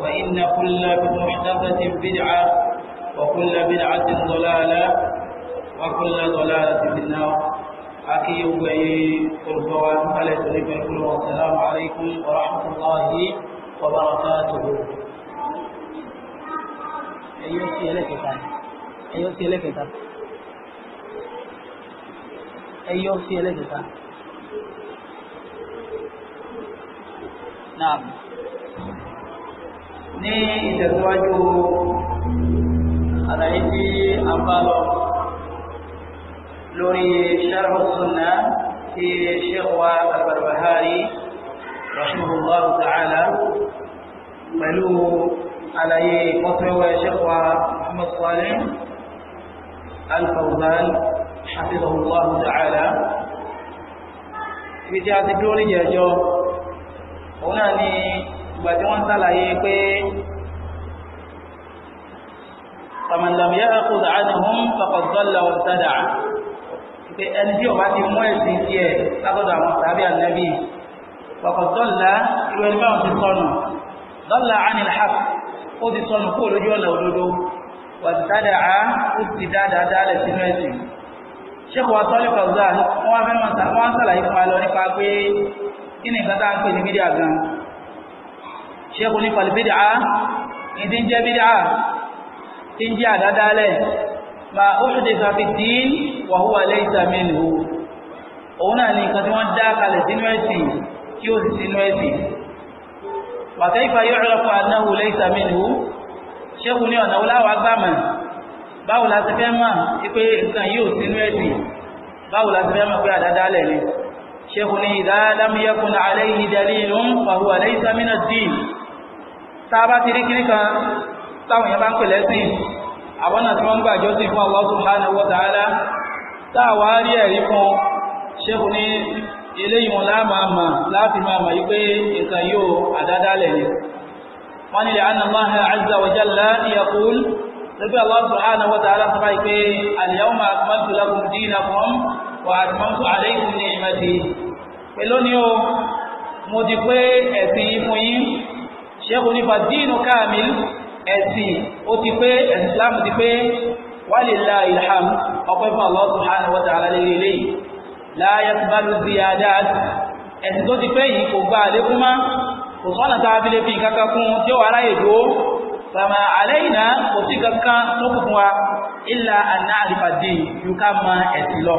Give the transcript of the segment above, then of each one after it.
وإن كل محدثة بدعة وكل بدعة ضلالة وكل ضلالة في النار أكي وعي قربوان على سبيل الكل والسلام عليكم ورحمة الله وبركاته أيوة سيلك أيوة سيلك أيوة لك نعم ní ìtẹ̀síwájú àlàyé tí a ń bá lọ lórí sharh sunnah tí sheikh wa al-Barbahari rahimahullah ta'ala pẹ̀lú àlàyé kọ́sẹ̀wẹ̀ sheikh wa Muhammad Salih al-Fawzan hafizahullah ta'ala ibi tí a ti dúró ní ìjẹ́jọ́ òun náà ni ìgbà tí wọ́n sàlàyé pé tàmàlàmìyà àkóso àdìhún fàkọ̀dọ́là ọ̀tàdà pé ẹni tí ọba ti mú ẹ̀sìn sí ẹ̀ látọ̀dọ̀ àwọn sàbí ànábì fàkọ̀dọ́là irú ẹni báwọn ti sọnù dọ́là ánìlhàf ó ti sọnù kó lójú ọ̀nà òdodo wàtàdà á ó ti dáadáa dáálẹ̀ sínú ẹ̀sìn ṣékò wa tọ́lẹ̀ kọ̀ọ̀zà wọ́n sàlàyé fún wa lọ nípa pé kí ni nǹkan tá à ń pè ní mídíà gan-an ṣéèkù ní falbidà ìdí ń jẹ́ bidà tí ń jẹ́ àdádálẹ̀ ma uhditha fi din wa huwa laysa minhu òun náà ní nǹkan tí wọ́n dá kalẹ̀ sínú ẹ̀sìn kí ó sì sínú ẹ̀sìn wa kayfa yu'rafu annahu laysa minhu ṣéèkù ní ọ̀nà wọláwà gbàmọ̀ báwo la ti fẹ́ mọ̀ pé nǹkan yóò sínú ẹ̀sìn ní idha lam yakun alayhi dalilun fa tá a bá ti rí kiri kan táwọn èèyàn bá ń pè lẹ́sìn àwọn náà tí wọ́n ń gbà jọ́sìn fún Allah subhanahu wa ta'ala tá a wá rí ẹ̀rí fún ṣẹ́kù ní eléyìí wọn láàmàmà láti máa mọ̀ yí pé nǹkan yóò àdádálẹ̀ ni wọ́n nílẹ̀ anna Allah azza wa jalla yaqul lóbi Allah subhanahu wa ta'ala sọ báyìí pé al-yawma akmaltu lakum dinakum wa atmamtu alaykum ni'mati pẹ̀lú ni ó mo ti pé ẹ̀sìn yìí fún yín ṣẹ́kù nípa dínú káàmì ẹ̀sìn ó ti pé islam ti pé wàlélà ilham ọpẹ́ fún Allah subhanahu wa ta'ala lè lélẹ́yìn láyé tí bá ló di adáa ẹ̀sìn tó ti pé yìí kò gba àlékún má kò sọ́nà tá a fi kankan kún tí ó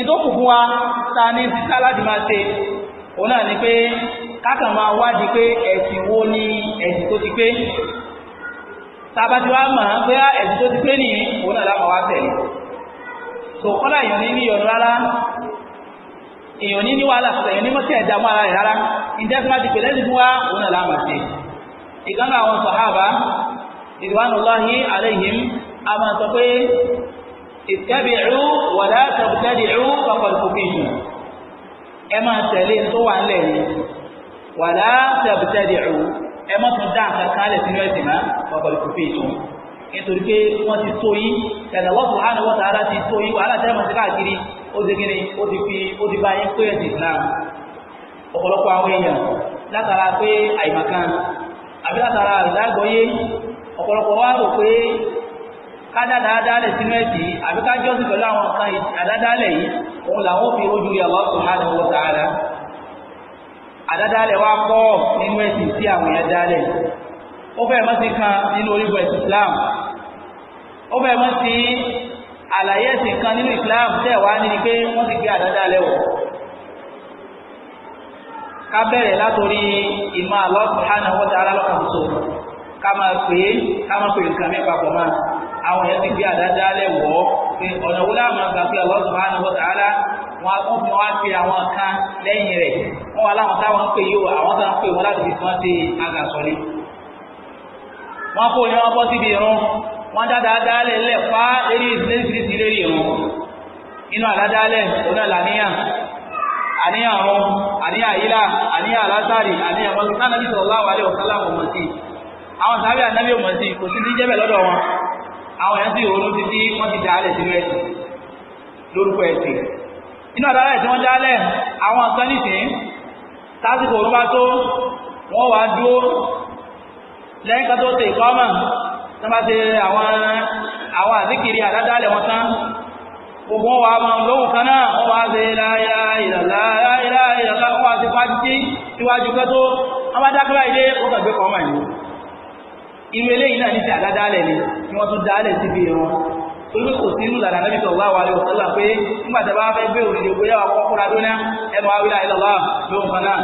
ìdókù fún wa ta ní títà láti máa ṣe òun náà ni pé kákan máa wádìí pé ẹ̀sìn wo ni ẹ̀sìn tó ti pé tabati wa mọ̀ pé ẹ̀sìn tó ti pé nìyí òun náà láwọn wá tẹ̀lé tó kọ́lá èèyàn ní níyọ̀ rárá èèyàn ní ní wàhálà sọ̀tẹ̀ èèyàn ní mọ́tì ẹ̀dá mọ́ ara rẹ̀ rárá ìjẹ́ tí wọ́n ti pèlè nínú wa òun náà láwọn ṣe ìkànnì àwọn sàhábà ìdíwánuláhi aláìhìm a máa sọ pé ìtẹ́bìrú wọ̀dá tẹ̀bìtẹ́bìrú pàpàlùkùbìlù ẹ máa tẹ̀lé tó wà ńlẹ̀ yìí wọ̀dá tẹ̀bìtẹ́bìrú ẹ má tún dá àkàkà lẹ̀ sínú ẹ̀sìn má pàpàlùkùbìlù nítorí pé wọ́n ti tó yí ẹ̀dá wọ́n fún hánà wọ́n tààrà ti tó yí wàhálà tẹ́lẹ̀ mọ̀tí káàkiri ó ti gíní ó ti fi ó ti bá yín pé ẹ̀sìn Islam ọ̀pọ̀lọpọ̀ àwọn èèyàn látara pé àìmọ̀kan ká dáadáa dálẹ̀ sínú ẹ̀sìn yìí àbí ká jọ́sìn pẹ̀lú àwọn nǹkan àdádálẹ̀ yìí òun làwọn fi ojú rí Allah subhanahu wa ta'ala àdádálẹ̀ wa pọ̀ nínú ẹ̀sìn tí àwọn èèyàn dálẹ̀ ó fẹ́ mọ́ sí kan nínú orígun ẹ̀sìn Islam ó fẹ́ mọ́ sí àlàyé ẹ̀sìn kan nínú Islam tẹ̀ wá ní ni pé wọ́n ti gbé àdádálẹ̀ wọ̀ ká bẹ̀rẹ̀ látòrí ìmọ̀ Allah subhanahu wa ta'ala lọ́kàn tó ká máa pè é ká máa pè nǹkan mẹ́pàá àwọn èèyàn ti gbé àdáda lẹ̀ wọ́ pé ọ̀nà wo láàmú àgbà pé Allah subhanahu wa ta'ala wọn wọn fi wọn pe àwọn kan lẹ́yìn rẹ̀ wọn wà láwọn táwọn ń pè yìí o àwọn táwọn ń pè wọn láti fi kàn ṣe àgàsọ̀lé. wọn kò ní wọn bọ́ síbi irun wọn dáadáa lẹ̀ lẹ̀ pa lérí léṣiríṣi lérí irun inú àdáda lẹ̀ òun náà làníyàn àníyàn ọ̀run àníyàn àyílà àníyàn alásàrì àníyàn mọ́tò náà nàbí sallallahu alaihi wasallam mọ̀ sí àwọn sábẹ́ ànábì mọ̀ sí kò sí ní jẹ́bẹ̀ lọ́dọ̀ wọn àwọn èèyàn sì ronú títí wọ́n ti dálẹ̀ sínú ẹ̀sìn lórúkọ ẹ̀sìn inú àdálẹ̀ tí wọ́n dálẹ̀ àwọn kan nìsín tásìkò òru bá tó wọ́n wá dúró lẹ́yìn kan tó ṣe ìkọ́mọ̀ tó bá ṣe àwọn àwọn àzíkiri àdádálẹ̀ wọn tán gbogbo wọn wà máa lóhùn kan náà wọ́n wá ṣe láyá ìlàlá láyá ìlàlá wọ́n wá ṣe fájítí síwájú kan tó wọ́n bá dákúrá ilé ó kàgbé kọ́mọ̀ yìí irú eléyìí náà ní ti àdádálẹ̀ ni ni wọ́n tún dálẹ̀ síbi ìran torí kò sí inú ìlànà níbi tọ̀wá wa lóò sọ́là pé nígbà tẹ́ bá fẹ́ gbé òrìlè ògbé yàwó kọ́kúra dóná ẹ máa wí láì lọ́lá lóhùn kan náà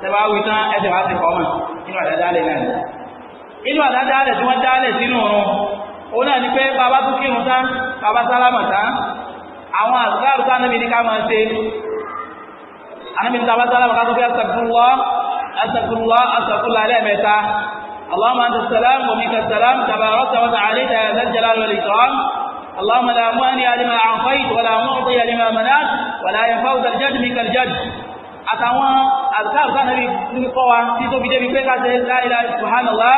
tẹ́ bá wí tán ẹ tẹ́ bá ti kọ́ mọ̀ inú àdádálẹ̀ náà ni. inú àdádálẹ̀ tí wọ́n dálẹ̀ sínú ọ̀run òun náà ni pé bàbá tún kírun tán bàbá sálámà tán àwọn àgbáàrú tá anábì ní ká máa ṣe anábì ní sálámà ká tó fi اللهم انت السلام ومنك السلام تباركت وتعاليت يا ذا الجلال والإكرام اللهم لا مانع لما أعطيت ولا معطي لما منعت ولا ينفع ذا الجد منك الجد أتوا أذكار كان في قوة في توبة في لا إله سبحان الله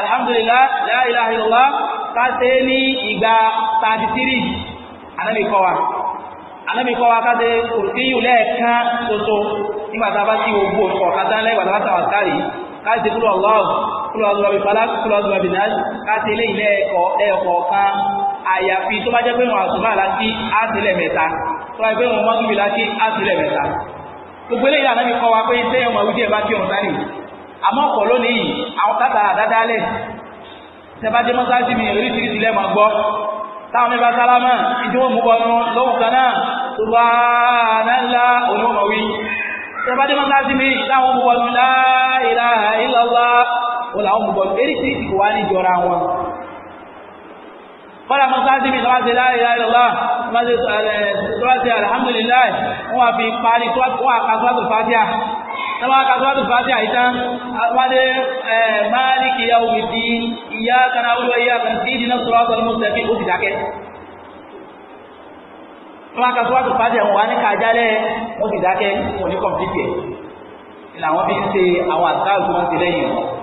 الحمد لله لا إله إلا الله كاتني إجا تابتيري أنا بقوة anabi kọ́ wa káde kòtíyù lẹ́ẹ̀kan soso nígbà tá a bá ti wo gbogbo ọ̀kadà lẹ́gbàá tá a bá tàwọn àkárì káde kúrò ọlọ́ọ̀gù kúlọ̀ ọ̀dùnmá bíi falak kúlọ̀ ọ̀dùnmá bíi nas káàtì eléyìí lẹ́ẹ̀kọ́ lẹ́ẹ̀kọ́ kan àyàfi tó bá jẹ́ pé wọn àtúmọ̀ àlákì á mẹ́ta tó bá jẹ́ pé wọn mọ́tò bíi lákì á mẹ́ta. gbogbo eléyìí lànà mi kọ́ wa pé iṣẹ́ ọmọ ìwé díẹ̀ bá kí ọ̀hún sáni àmọ́ ọ̀pọ̀ lónìí yìí àwọn kátàrà dáadáa lẹ̀ tẹ́bàjẹ́ mọ́sáàsì mi oríṣiríṣi lẹ́ẹ̀mọ́ gbọ́ táwọn mẹ́fà sálámà ìdíwọ̀n mú bọ́ lọ́wọ́ kan náà tó bá náà mi táwọn mú bọ́ láìláà ìlàlá ó làwọn mú bọ̀ eréṣiríṣi kò wá ní ìjọra wọn. kọ́lá mọ́sáàsì mi lọ́wọ́ ṣe láàyè láàyè lọ́wọ́ lọ́wọ́ ṣe alhamdulilayi wọ́n wá fi parí wọ́n àkàtúwàtò fàtíà tọ́wọ́ àkàtúwàtò fàtíà yìí tán wáde máàlìkì yà omi di ìyá kanáwó ìyá kan sí ìdí náà sọ̀rọ̀ wọn aka sọ wá tó fàájì àwọn wa ní kájà lẹ ti dákẹ́ wọn ní kọmpútì ẹ ìlànà wọn fi ń ṣe àwọn àtàwọn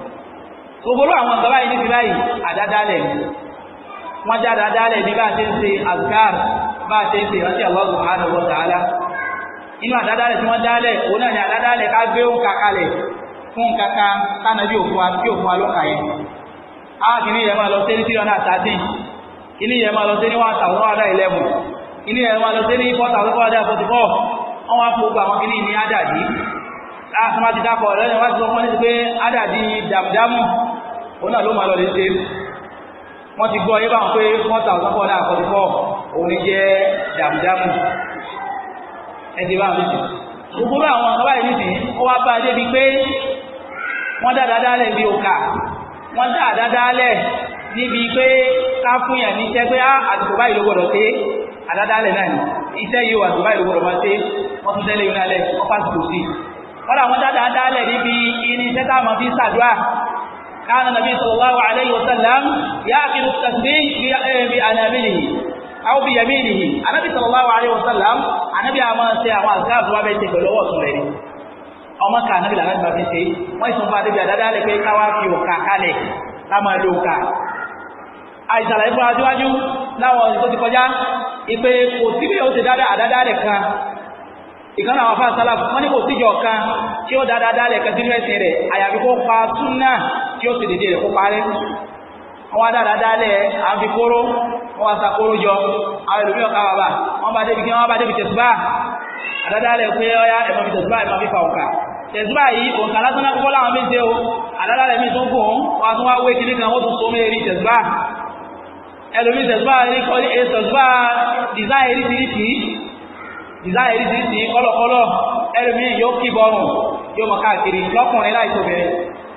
gbogbo àwọn nǹkan báyìí ní ti báyìí àdádálẹ̀ wọ́n já àdádálẹ̀ ní bá a ṣe ń ṣe azkar bá a ṣe ń ṣe ìrántí Allah subhanahu wa ta'ala inú àdádálẹ̀ tí wọ́n dálẹ̀ òun náà ni àdádálẹ̀ ká gbé òǹkà kalẹ̀ fún òǹkà kan kánàbí òfin wa tí òfin wa ló kà yẹn á kì ní yẹn máa lọ sí ní three hundred and thirteen ilé yẹn máa lọ sí ní one thousand one hundred eleven ilé yẹn máa lọ sí ní four thousand four hundred forty wá fún gbogbo àwọn kìíní ní ádàdí láti má ti dákọ̀ lẹ́yìn wá ti sọ fún wọn pé ádàdí dàmúdàmú òun náà ló máa lọ lè ṣe wọ́n ti gbọ́ yé báwọn pé one thousand four hundred and forty four òun jẹ́ dàmúdàmù ẹ̀dí báwọn lè ṣe gbogbo àwọn ọ̀sán báyìí nìsín ó wá bá a débi pé wọ́n dá dáadáa lẹ̀ bí òkà wọ́n dá dáadáa lẹ̀ níbi pé ká fún yàn ní iṣẹ́ pé á ah, àtùkò báyìí ló gbọ́dọ̀ ṣe àdáadáa lẹ̀ náà ni iṣẹ́ yìí ó àtùkò báyìí ló gbọ́dọ̀ máa ṣe wọ́n tún tẹ́lẹ̀ yìí náà lẹ̀ wọ́n pàṣẹ kò sí. wọ́n dà wọ́n dáadáa lẹ̀ níbi irin táwọn fi ń ṣàdúrà كان النبي صلى الله عليه وسلم يأكل التسبيح بأنابله أو بيمينه النبي صلى الله عليه وسلم النبي أما سيأوى الكاف وابيتك ولو وصلني ọmọ kan anabi làwọn ẹgbàá fi ṣe wọn ìsọmọ adébíyà dáadáa lè pé káwá fi òkà kalẹ̀ láwọn ẹlò òkà àìsàlà ìfọ adéwájú láwọn ọdún tó ti kọjá ìpè kò sí bí ó ti dáadáa àdáadáa lè kan ìkan náà wọn fà sálà wọn ní kò síjọ kan tí ó dáadáa lè kan sínú ẹsìn rẹ àyàfi kó pa súnà tí ó sì dédé rẹ̀ kó parẹ́ wọ́n wá dáadáa dálẹ̀ àfikóró wọ́n wá sakóró jọ àwọn ìlú mìíràn káwàbà wọ́n bá débi kí wọ́n bá débi tẹ̀sùbá àdádálẹ̀ pé ọya ẹ̀mọ́ fi tẹ̀sùbá ẹ̀mọ́ fi fa òkà tẹ̀sùbá yìí òǹkà lásán náà kókó láwọn méje o àdádálẹ̀ mi tó gùn wọ́n tún wá wé kiri kan wọ́n tún so mé rí tẹ̀sùbá ẹlòmí tẹ̀sùbá tẹ̀sùbá design eríṣiríṣi design eríṣiríṣi kọ́lọ̀kọ́lọ̀ ẹlòmí yóò kí bọ́ọ̀rùn yóò mọ̀ káàkiri lọ́kùnrin láì tóbi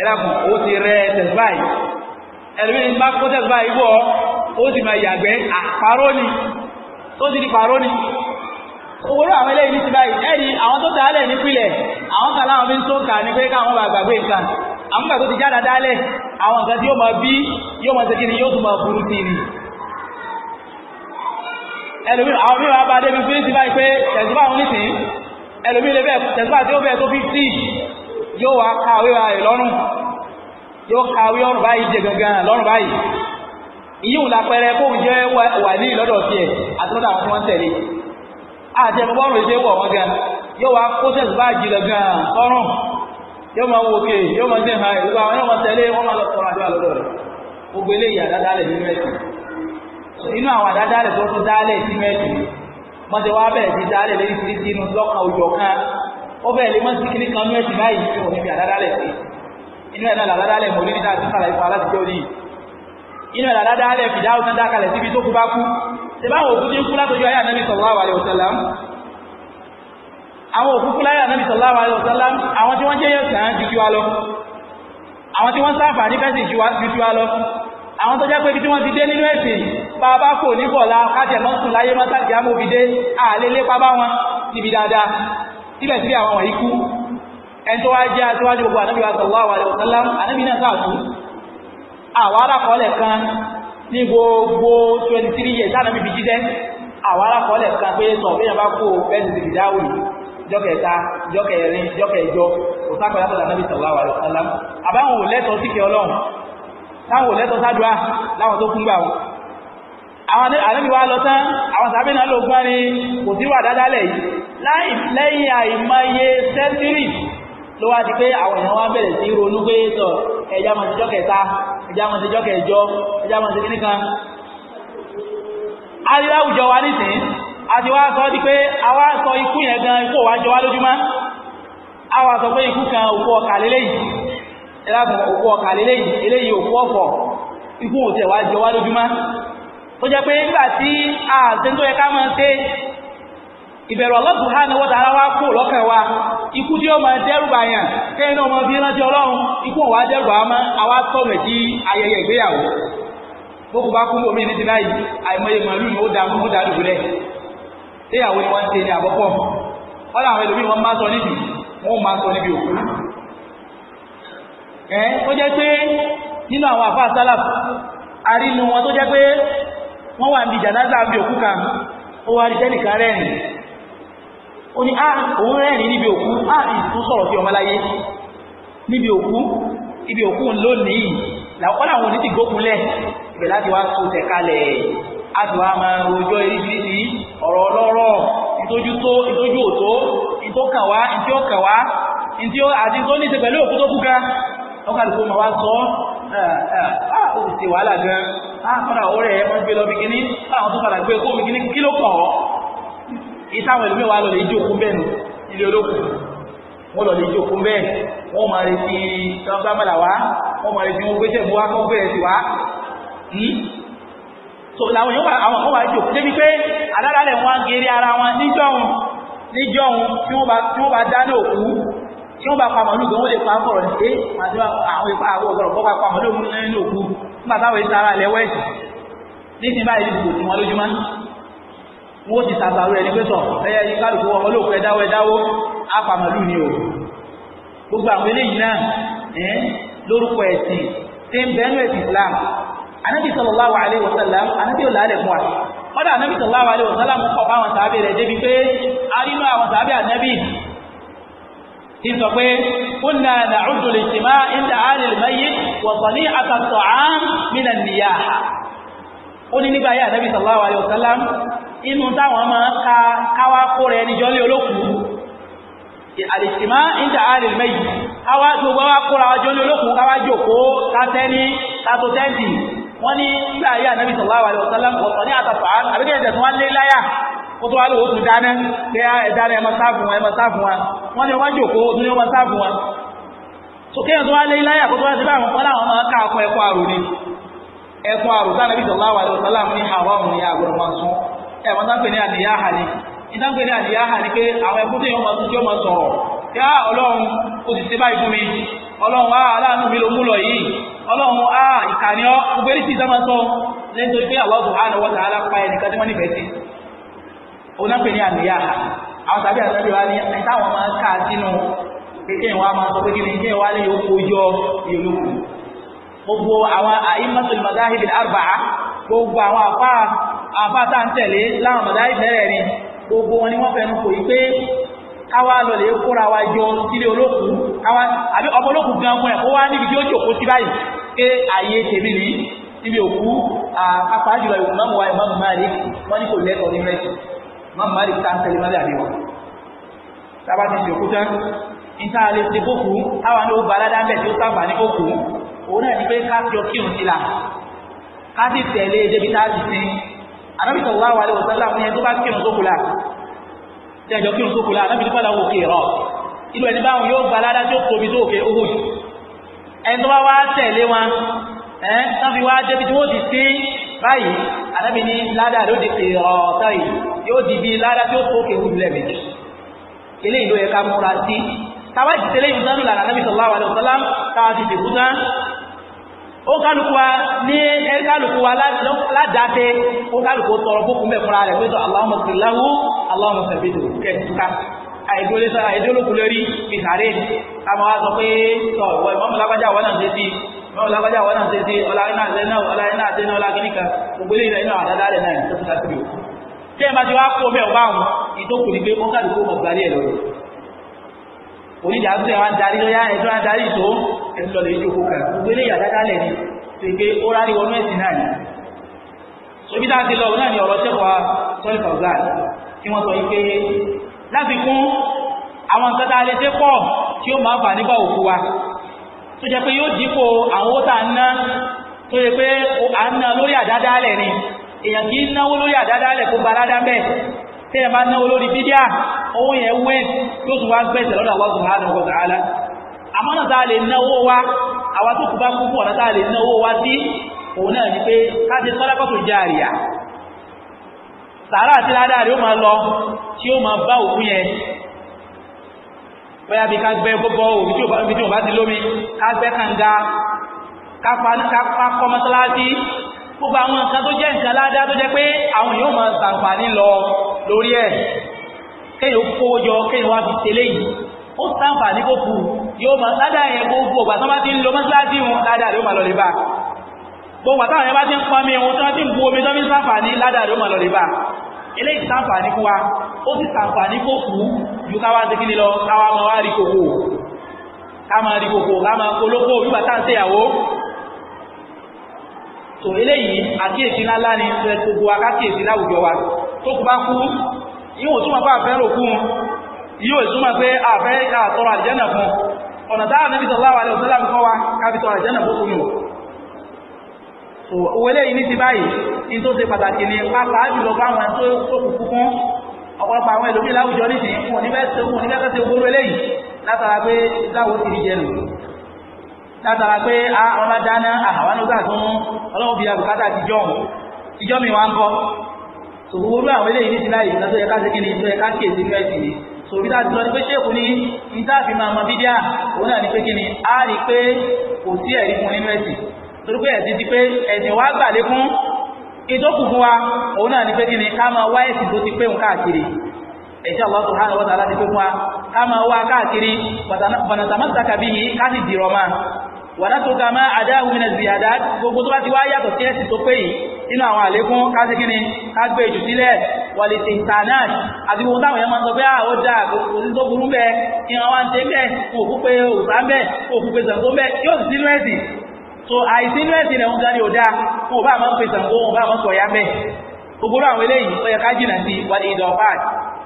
ẹ̀dàkùn ó ti rẹ tẹ̀síbáyì ẹ̀lùmí ní bá kó tẹ̀síbáyì wọ́ ó sì máa yàgbẹ́ àparó ni ó ti di paró ni owóró àwọn eléyìí ti báyìí ẹ̀rí àwọn tó dálẹ̀ nípìnlẹ̀ àwọn kan láwọn fi ń tó kà ní pé káwọn bá gbàgbé nǹkan àwọn gbàgbé ti jáde dálẹ̀ àwọn nǹkan tí yóò máa bí yóò máa ṣe kí ni yóò tún máa burú sí ni ẹlòmí àwọn mìíràn bá débi fún ní ti báyìí pé tẹ̀síbáyì nísìnyí ẹlòmí lè bẹ́ẹ̀ tí ó bẹ́ẹ̀ tó fífítì yóò wá ká wa rẹ̀ lọ́rùn yóò ká ọ̀rùn báyìí jẹ gangan lọ́rùn báyìí ìyíwù lápẹẹrẹ kó jẹ́ wà ní ìlọ́dọ̀ sí ẹ̀ àtúntà àwọn tí tẹ̀lé àti ẹ̀mọ́ bọ́ọ̀rùn ìṣe wọ̀ wọ́n gan yóò wá kó sẹ́sì báàjì gangan lọ́rùn yóò máa wo òkè yóò máa jẹ́ hàn ìlú àwọn tẹ̀lé lọ sọ̀rọ̀ àjọ àlọ́dọ̀ rẹ̀ gbogbo eléyìí nínú ẹ̀sìn inú àwọn tó dálẹ̀ ẹ̀sìn bẹ̀rẹ̀ ó bẹ̀rẹ̀ lè mọ́ sí kiri kan ní ẹ̀sìn báyìí tí wọ́n níbi àdádálẹ̀ sí inú ẹ̀ náà làdádálẹ̀ mọ̀ níbi náà ti sàlàyé fún aláṣẹjọ́ ní inú ẹ̀ làdádálẹ̀ fìdá ọ̀sán dákalẹ̀ síbi tó kú bá kú ṣe báwọn òkú tí ń kú látọjú ayé ànábì sallallahu alaihi wasallam àwọn òkú kú láyé ànábì sallallahu alaihi wasallam àwọn tí wọ́n jẹ́ yẹn sàn ju tiwa lọ àwọn tí wọ́n sáfà ní fẹ́sì ju tiwa lọ àwọn tó jẹ́ pé ibi tí wọ́n ti dé nínú ẹ̀sìn bàbá kò ní bọ̀lá kájẹ̀ mọ́sùn láyé mọ́sàkì àmóbi dé àlélé pábá wọn níbi dáadáa síbẹ̀síbẹ̀ àwọn wọ̀nyí kú ẹni tó wá jẹ́ aṣíwájú gbogbo ànábì wa sallallahu alaihi wasallam ànábì náà sáàtú àwọn alákọ̀ọ́lẹ̀ kan ní gbogbo 23 years ànábì fi jíṣẹ́ àwọn alákọ̀ọ́lẹ̀ kan pé sọ bí yàn bá kú bẹ́ẹ̀ ti fìdáwì jọ́kẹta jọ́kẹrin jọ́kẹjọ kò sákọ̀ látọ̀ ànábì sallallahu alaihi wasallam àbáwọn ò lẹ́tọ̀ọ́ síkẹ́ ọlọ́run táwọn ò lẹ́tọ̀ọ́ sádùá láwọn tó kú gbà wọn àwọn ànábì wa lọ tán àwọn sàbí ló gbọ́n ni kò sí wà dáadáa lẹ̀ yìí láì lẹ́yìn àìmọye sẹ́ńtírì ló wá ti pé àwọn èèyàn wá bẹ̀rẹ̀ sí ronú pé ẹja máa ti jọ́ kẹta ẹja máa ti jọ́ kẹjọ ẹja ti wa nísìnyí àti wá sọ di pé àwa sọ ikú yẹn gan ikú wa jọ wá ó jẹ́ pé nígbà tí àṣẹ tó yẹ ká máa ṣe ìbẹ̀rù Allah subhanahu wa ta'ala wá kó lọ́kàn wa ikú tí ó máa dẹ́rù bàyàn kẹ́yìn náà máa fi rántí ọlọ́run ikú ọ̀wá dẹ́rù bàá àwa tọ̀nù ayẹyẹ ìgbéyàwó gbogbo bá kú lómi ní ti láyìí àìmọye màálù ni ó da dá dùgbò ìyàwó ni wọ́n ní ẹlòmíì wọ́n máa sọ níbi wọ́n máa sọ níbi òkú ó jẹ́ pé nínú àwọn wọ́n wà níbi jànáza bí òkú kan ó wá rí tẹ́nìkan rẹ́rìn ó ní á ah, òun rẹ́rìn níbi òkú á ah, ìtún sọ̀rọ̀ sí ọmọláyé níbi òkú ibi òkú lónìí làwọn àwọn onídìí gókunlẹ̀ ibẹ̀ láti wá tó tẹ̀ kalẹ̀ á ti wá máa rojọ́ irisirisi ọ̀rọ̀ ọlọ́rọ̀ ìtójú tó ìtójú òtó ìtókàn wá ìtí ó kàn wá ìtí ó àti tó ní ṣe pẹ̀lú òkú tó kú ọkàlùkù máa wá sọ eh, eh, ah, ó àkọ́dà orí ẹ̀ wọ́n gbé lọ bí kíní àwọn tó padà gbé kó bí kíní kí ló kọ̀ ọ́ ìtàwọn ìlú mẹ́wàá lọ lè jókòó bẹ́ẹ̀ nù ilé olókùn wọ́n lọ lè jókòó bẹ́ẹ̀ wọ́n máa retí tọ́gbàmọ́là wá wọ́n máa retí wọn gbéṣẹ́ bu wá kọ́ sí wá hmm? so làwọn èèyàn àwọn kan wà jókòó débi pé alárànlẹ̀ wọn gèrè ara wọn níjọ́hun níjọ́hun tí wọ́n bá tí wọ́n bá dáná òkú tí wọ́n bá pa màálù gan wọ́n lè pa á kọ̀rọ̀ ní pé àwọn ìpa àwọn ọ̀gọ̀rọ̀ kọ́ bá pa màálù nínú òkú nígbà táwọn èsì ara ilẹ̀ wẹ́ẹ̀sì nísìnyí báyìí kò tún wọn lójúmọ́ wọ́n ti sàbàrú ẹni pé sọ ẹyẹ yìí kálukú wọn olóòkú ẹdáwó ẹdáwó àpàmọ̀lú ni o gbogbo àwọn eléyìí náà ẹ lórúkọ ẹ̀sìn tí ń bẹ́ẹ̀ nú ẹ̀sìn Islam anabi sallallahu alayhi wa sallam anabi ò lálẹ́ fún wa kọ́dà anabi sallallahu alayhi wa sallam kọ̀ fáwọn sàábẹ̀ rẹ̀ débi pé arínú àwọn sàábẹ̀ anabi ìsọ pé kúnnà nàcúdù lè jìmá ìdá àlèlè mẹ́yì wọ̀sọ̀ní àtàtọ̀ àm mínà nìyà ó ní nígbà yà nàbì sallallahu alayhi wa sallam inú táwọn máa ka káwá kóra ẹni jọ́lé olókùú àlèjìmá ìdá àlèlè mẹ́yì káwá gbogbo wa kóra jọ́lé olókùú káwá jòkó kátẹ́ni kátó tẹ́ǹtì wọ́n ní nígbà yà nàbì sallallahu alayhi wa sallam wọ̀sọ̀ní àtàtọ̀ àm àbíkẹ́ ó tó wá lò ó tún dáná pé ah, ẹ̀dáná ya sáàfù wọn ẹmọ sáàfù wọn wọ́n ní ọmọ jòkó ó tún ní ọmọ sáàfù wọn sókè yẹn tó wá lé iláyà kó tó wá sí báwọn wọn láwọn máa ká akọ ẹkọ àrò ni ẹkọ àrò sáà nàbí ní àwọn máa sún ẹ wọn ní ni ní ni pé àwọn ẹkú tó yẹn tún máa sọ̀rọ̀ yá ah, ọlọ́run sì ṣe báyìí fún mi ọlọ́run á ah, aláàánú mi ló onápè ní àníyá àwọn tàbí àtàbí wa ní ẹni táwọn máa ń ká sínú kéèké wa máa sọ pé kí ni kí wa lè yóò kójọ ìlúkù gbogbo àwọn gbogbo àwọn àfá àfá tá ń tẹ̀lé láwọn bẹ̀rẹ̀ ni gbogbo wọn ni wọ́n fẹnu kò yí pé káwá lọ lè kóra wa sílé olókùú káwá àbí ọmọ olókùú gan kó wá níbi tí ó jòkó sí báyìí pé tèmi nìyí níbi òkú jùlọ ìwòmọ́mù wa máa rí wọ́n ní kò lẹ́tọ̀ọ́ nínú má má lè ta tẹ̀lé má lè àbí wọn tábà ti ṣòkú tán níta lè ṣe bókù táwa ní ó ba aládá bẹ̀ tí ó sábà ní bókù òun náà ti pé ká fi ọkírun sí tẹ̀lé débi tá a ti sin Ànábì sallallahu alaihi wasallam ní ẹni tó bá kírun sókù la tẹ̀jọ́ kírun sókù la Ànábì nípa làwọn òkè rọ ìlú ẹni báwọn yóò gba aládá tó tóbi tó òkè Uhud ẹni tó bá wá tẹ̀lé wọn ẹ̀ tán fi wá débi tí wọ́n ti sin anábì ní ládà ló di pè ọ̀ọ́tọ́ yìí yóò di bí ládà tí ó tó kéwù lẹ́ẹ̀mejì eléyìí ló yẹ ká múra sí tàbá ti tẹ́lẹ̀ ìlú náà lára anábì sallallahu alaihi wasallam tàbá ti dìbò náà ó kálukú wa ní ẹ̀kálukú wa ládàáfẹ́ ó kálukú tọrọ bókun bẹ́ẹ̀ fúnra rẹ̀ pẹ́tọ́ Allahumma ighfir lahu mọ́ ọlágbájá wọn náà tẹ́sí ọláyínà lẹ́nà ọláyínà tẹ́nà ọlágíníkà gbogbo ilé ìrìnà àdádá rẹ̀ náà tó fúnra síbi o tẹ́ ẹ bá ti wá kó mẹ́ ọba àwọn ìdókò ní pé wọ́n kàdé kó mọ̀ gbárí ẹ̀ lọ́rọ̀ onídìí wa ń darí lọ́yà ẹjọ́ ń darí ìtò ẹ̀sùn lọ́lẹ̀ ìjó kó kà gbogbo ilé ìyàdádá lẹ̀ ni tó pé ó rárí wọnú tí pọ̀ tí ó máa fà nípa òkú wa tó jẹ́ pé yóò dípò àwọn tá a ná tó yẹ pé à ń ná lórí àdádálẹ̀ ni èèyàn kì í náwó lórí àdádálẹ̀ kó balada bẹ́ẹ̀ tí ẹ bá náwó lórí bídíà owó yẹn wé yóò tún wá gbẹ̀sẹ̀ lọ́dọ̀ àwọn ọ̀gbọ̀n àdàgbọ̀ gàálà àmọ́ náà tá a lè náwó wa àwa tó kù bá kú pọ̀ náà tá a wa sí òun náà ni pé ká ti bóyá bí ká gbẹ́ gbogbo òbí tí ò bá ti lómi ká gbẹ́ kànga ká kọ́ mọ́sálásí gbogbo àwọn nǹkan tó jẹ́ nǹkan ládá tó jẹ́ pé àwọn yóò máa ṣàǹfààní lọ lórí ẹ̀ kéèyàn ó kówó jọ kéèyàn wá fi tẹ́lẹ̀ yìí ó ṣàǹfààní kó kù yóò máa ládá yẹn gbogbo ògbà tó bá ti ń lo mọ́sálásí wọn ládá rẹ̀ máa lọ lè bá gbogbo àtàwọn yẹn bá ti ń pọnmi wọn tó ti ń bu omi tó fi ṣàǹfààní ládá rẹ̀ máa lọ lè bá eléyìí ṣàǹfààní fún wa ó sì ṣàǹfààní kó kú ju káwá ṣe kí ni lọ káwá máa wá rí kòkó ká máa rí kòkó ká máa polówó wíwá tá à ń ṣèyàwó tò eléyìí àkíyèsí ńláńlá ni gbogbo wa kákíyèsí láwùjọ wa tó kú bá kú yóò túmọ̀ pé àfẹ́ rò kún yóò túmọ̀ pé wa káfíntọ́ àlùjánnà fún òwe lẹ́yìn ní ti báyìí ní tó ṣe pàtàkì ni pápá jùlọ fáwọn tó kókù fúnfún ọ̀pọ̀lọpọ̀ àwọn ẹlòmí láwùjọ nísìnyí fún onífẹ́sẹ̀ ogoro eléyìí látara pé láwo ti jẹ nù látara pé àwọn bá dáná àwọn ọgbà tó ń ọlọ́run fi àbùkátà ti jọ ìjọ mi wá ń kọ́ sòwòrú àwọn eléyìí ní ti láyé ìtọ́jú ẹ̀ká ṣe kí ni ìtọ́jú ẹ̀ká kí èsì ní ẹ̀sìn ni sòbí tá a ti lọ ní pé ṣéèkù ní ní tá a fi máa mọ bídíà òun náà ní pé kí ni a rí pé kò sí ẹ̀rí fún nínú ẹ̀sìn torí pé ẹ̀sìn ti pé ẹ̀sìn wa gbà lékún ìtòkù fún wa òun náà ní pé kí ni ká máa wá ẹ̀sìn tó ti pé òun káàkiri ẹ̀sìn Allah subhanahu wa ta'ala ti pé fún wa ká máa wá káàkiri bàtàmásàkà bíi ká sì dìrọ̀ máa wàdá tó ga máa àdáhùn mi nàìjíríà àdá gbogbo tó bá ti wá yàtọ̀ sí ẹ̀sìn tó pé yìí nínú àwọn àlékún ká sí kí ni ká gbé jù sílẹ̀ wàlẹ̀ ah, sí ìtànáà so àìsínú ẹ̀sìn rẹ̀ ń gan ni ò dáa kó o bá máa ń pèsè ǹkó o bá máa ń sọ ya bẹ́ẹ̀ ògbóró àwọn eléyìí ó yẹ ká jìnà sí wà ní ìdọ̀ pad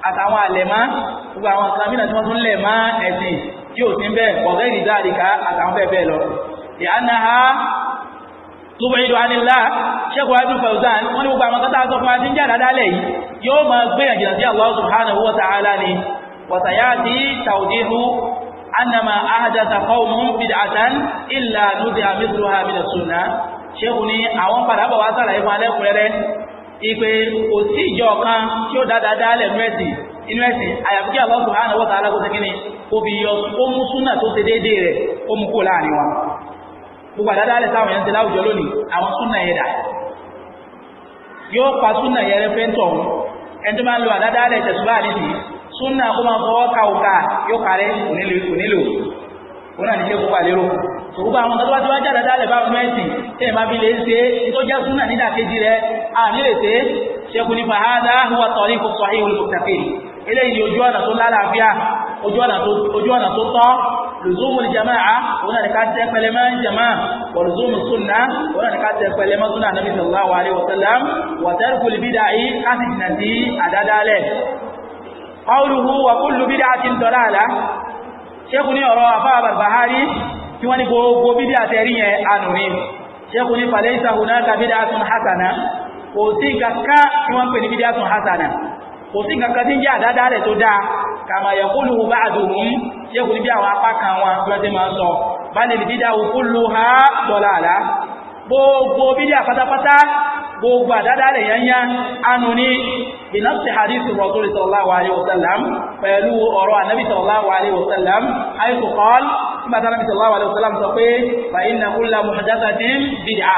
àtàwọn àlẹ̀mọ́ gbogbo àwọn kan mìíràn tí wọ́n tún lẹ̀ mọ́ ẹ̀sìn tí ò sí ń bẹ́ẹ̀ ọ̀gẹ́ ìdíjà àdìkà àtàwọn bẹ́ẹ̀ bẹ́ẹ̀ lọ. ìhànà ha Allah subhanahu wa ta'ala ni wa tawdihu annama ahdatha qaumun bid'atan illa nudi'a mithluha min as-sunnah ṣéhùn ní àwọn padà bọ̀ wá sàlàyé fún alẹ́kùnrẹ́rẹ́ ipe kò sí ìjọ kan tí ó dáadáa dálẹ̀ nú ẹ̀sìn inú ẹ̀sìn àyàfi kí Allah subhanahu wa ta'ala kó sẹ́kínni kó fi yọ ó mú súnà tó ṣe déédéé rẹ̀ ó mú kó láàrin wa gbogbo àdáadáa lẹ̀ sáwọn yẹn ti láwùjọ lónìí àwọn súnà yẹn dà pa súnà yẹn rẹ fẹ́ ń tọ̀ ẹni tó máa ń lo àdáadáa lẹ̀ súnà kó máa fọwọ́ ka òkà yóò kárẹ́ kò nílò òun náà ní ilé kópa lérò òun bá àwọn tó bá tó bá jáde dálẹ̀ bá wọn mẹ́sìn tí èèyàn bá fi lè ṣe é tó jẹ́ súnà nídàkejì rẹ̀ à nílè ṣe é ṣẹ́kù nípa àádá wà tọ̀rí kò sọ ayé olùkọ́tàkì eléyìí ni ojú ọ̀nà tó lálàáfíà ojú ọ̀nà tó tọ́ lùzúmù jama'a òun náà ní ká tẹ́ pẹlẹ mọ́ jama'a wà lùzúmù súnà òun náà ní ká tẹ́ pẹlẹ mọ́ súnà nàbí sallallahu alaihi wa sallam qawluhu wa kullu bid'atin dalalah ṣékù ní ọ̀rọ̀ àfáà Barbahari tí wọ́n ní gbogbo bídíà tẹ̀rí yẹn ànù ni ṣékù ní falaysa hunaka bid'atun hasana kò sí kankan tí wọ́n pè ní bid'atun hasana kò sí kankan tí ń jẹ́ àdádá kama yaquluhu ba'duhum ṣékù ní bí àwọn apá kan wọn bí wọ́n ti máa ń sọ balil bid'atu kulluha dalalah gbogbo àdádálẹ̀ yányá anu ní bìnafsi hadithu rasuli sallallahu alayhi wa sallam pẹ̀lú ọ̀rọ̀ anabi sallallahu alayhi wa sallam aytu qal nígbà tánàbí sallallahu alayhi wa sallam sọ pé fa inna kulla muhdathatin bid'a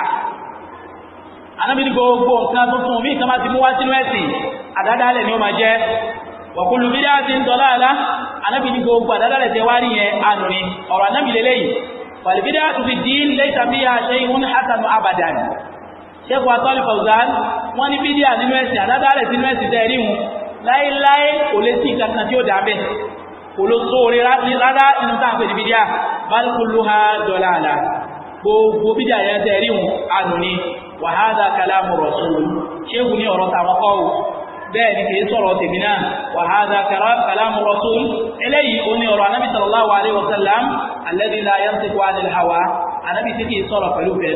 anabi ní gbogbo nǹkan tuntun mí kan bá ti mú wá sínú ẹ̀sìn àdádálẹ̀ ni ó máa jẹ́ wa kullu bid'atin dalalah anabi ní gbogbo àdádálẹ̀ tẹ wá nìyẹn anu ní ọ̀rọ̀ anabi ṣẹ́kọ̀ àtọ́lẹ̀ fọ̀zán wọ́n ní bídíà nínú ẹ̀sìn àdádálẹ̀ sínú ẹ̀sìn tẹ́ rí wọn láéláé kò lè sí ìkankan tí ó dà bẹ́ẹ̀ kò ló sóore rárá inú tá à ń pè ní bídíà bálùkùlù ha dọ̀là àlà gbogbo bídíà yẹn tẹ́ rí wọn ànú ni wàhálà kalamu rasul ṣéwù ní ọ̀rọ̀ tàwọn kọ́ wò bẹ́ẹ̀ ni kìí sọ̀rọ̀ tèmi náà wàhálà kalamu rasul eléyìí ó ní ọ̀rọ̀ anábì sallallahu alaihi wasallam alladhi la yantiqu anil hawa anábì tí kìí sọ̀rọ̀ pẹ̀lú bẹ́ẹ̀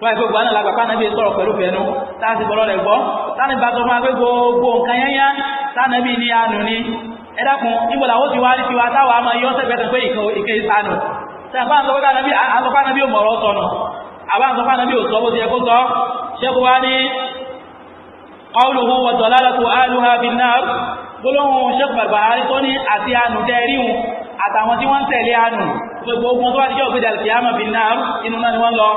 wọ́n ẹgbẹ́ gbogbo anáàlá gbàgbá anábì sọ̀rọ̀ pẹ̀lú fẹ̀nu láti bọ́lọ́ rẹ̀ gbọ́ tánà bá sọ fún wa pé gbogbo nǹkan yányá tánà bí ní àánú ni ẹ dákun níbo ti wá ní tiwa táwa máa yọ sẹ́gbẹ́ sọ pé ìkẹ́ ìsànù sẹ́gbẹ́ àti wọ́n tẹ̀lé àánú gbogbo ogun tó wá ti jẹ́ òkèdè àlùkìyàmọ̀ bin nar inú náà ni wọ́n lọ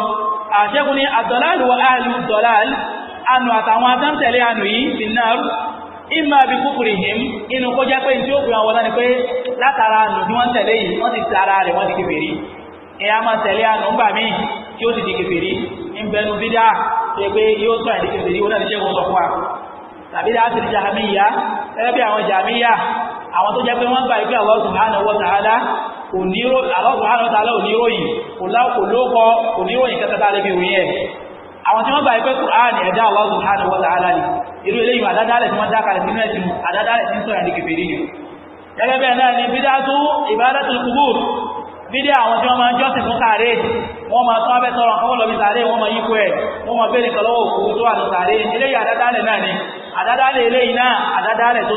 àṣẹ́kùn ní àdọ̀láàlù wa áàlù dọ̀láàlù anù àtàwọn adámtẹ̀lé anù yìí fi náà ìmọ̀ àbí kúkúrì hìm inú kó jẹ́ pé tí ó gbìyànwó náà ni pé látara anù ni wọ́n tẹ̀lé yìí wọ́n ti tara rẹ̀ wọ́n ti kèfèrí ẹ̀yà máa tẹ̀lé anù ń bà mí kí ó ti di kèfèrí ń bẹnu bídá ṣe oníró àlọ́kùn àlọ́ta alẹ́ oníròyìn kò lóòkọ́ oníròyìn kẹtàtà lẹ́bí òun yẹn àwọn tí wọ́n bá ẹgbẹ́ kùránì ẹ̀dá Allah subhanahu wa ni irú eléyìí àdádálẹ̀ tí wọ́n dákàlẹ̀ sínú ẹ̀sìn àdádálẹ̀ tí ń sọ̀rọ̀ ní kèfèrí ni gẹ́gẹ́ bẹ́ẹ̀ náà ni bídá tó ibadatul qubur bídá àwọn tí wọ́n máa ń jọ́sìn fún sàárè wọ́n máa tọ́ abẹ́ tọrọ kọ́wọ́ lọ bí sàárè wọ́n máa yípo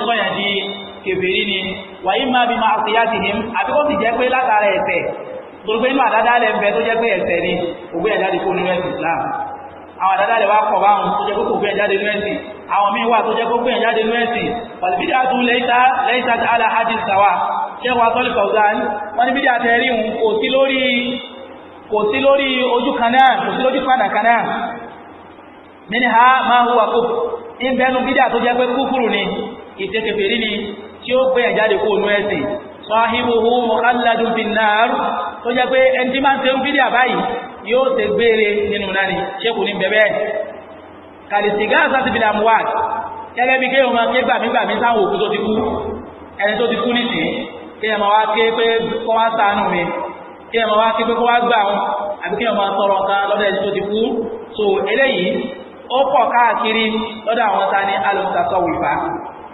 ẹ̀ wọ́n máa kèfèrí ni wàyí máa bí máa fi yáàtì ní àbí ó sì jẹ́ pé látara ẹ̀ṣẹ̀ torípé inú àdádálẹ̀ ń bẹ tó jẹ́ pé ẹ̀ṣẹ̀ ni ògbé ẹ̀jáde kó nínú ẹ̀sìn Islam àwọn àdádálẹ̀ wa pọ̀ báwọn tó jẹ́ pé kò ẹ̀jáde nínú àwọn míì wà tó jẹ́ pé gbé ẹ̀jáde nínú ẹ̀sìn pàlùbídà tún lẹ́yìntà lẹ́yìntà ala hajj sawa ṣẹ́wà tọ́lì kọ̀ọ̀gán wọ́n ní bídà tẹ́rí òun kò sí lórí kò sí lórí ojú kan náà kò sí lójú padà kan náà minha ma ni tí ó ẹ̀jáde kó onú ẹ̀sìn sọ́híwòhó mọ̀káládùn fi náàrù tó jẹ́ pé ẹni tí máa ń tẹ́rù fídíà báyìí yóò tẹ́ gbére nínú náà ṣékù ní bẹ̀bẹ̀ kàlìsìgá sátìfìdà muwad gẹ́gẹ́ bí kéèyàn máa ké gbàmígbàmí sáwọn òkú tó ti kú ẹni tó ti kú so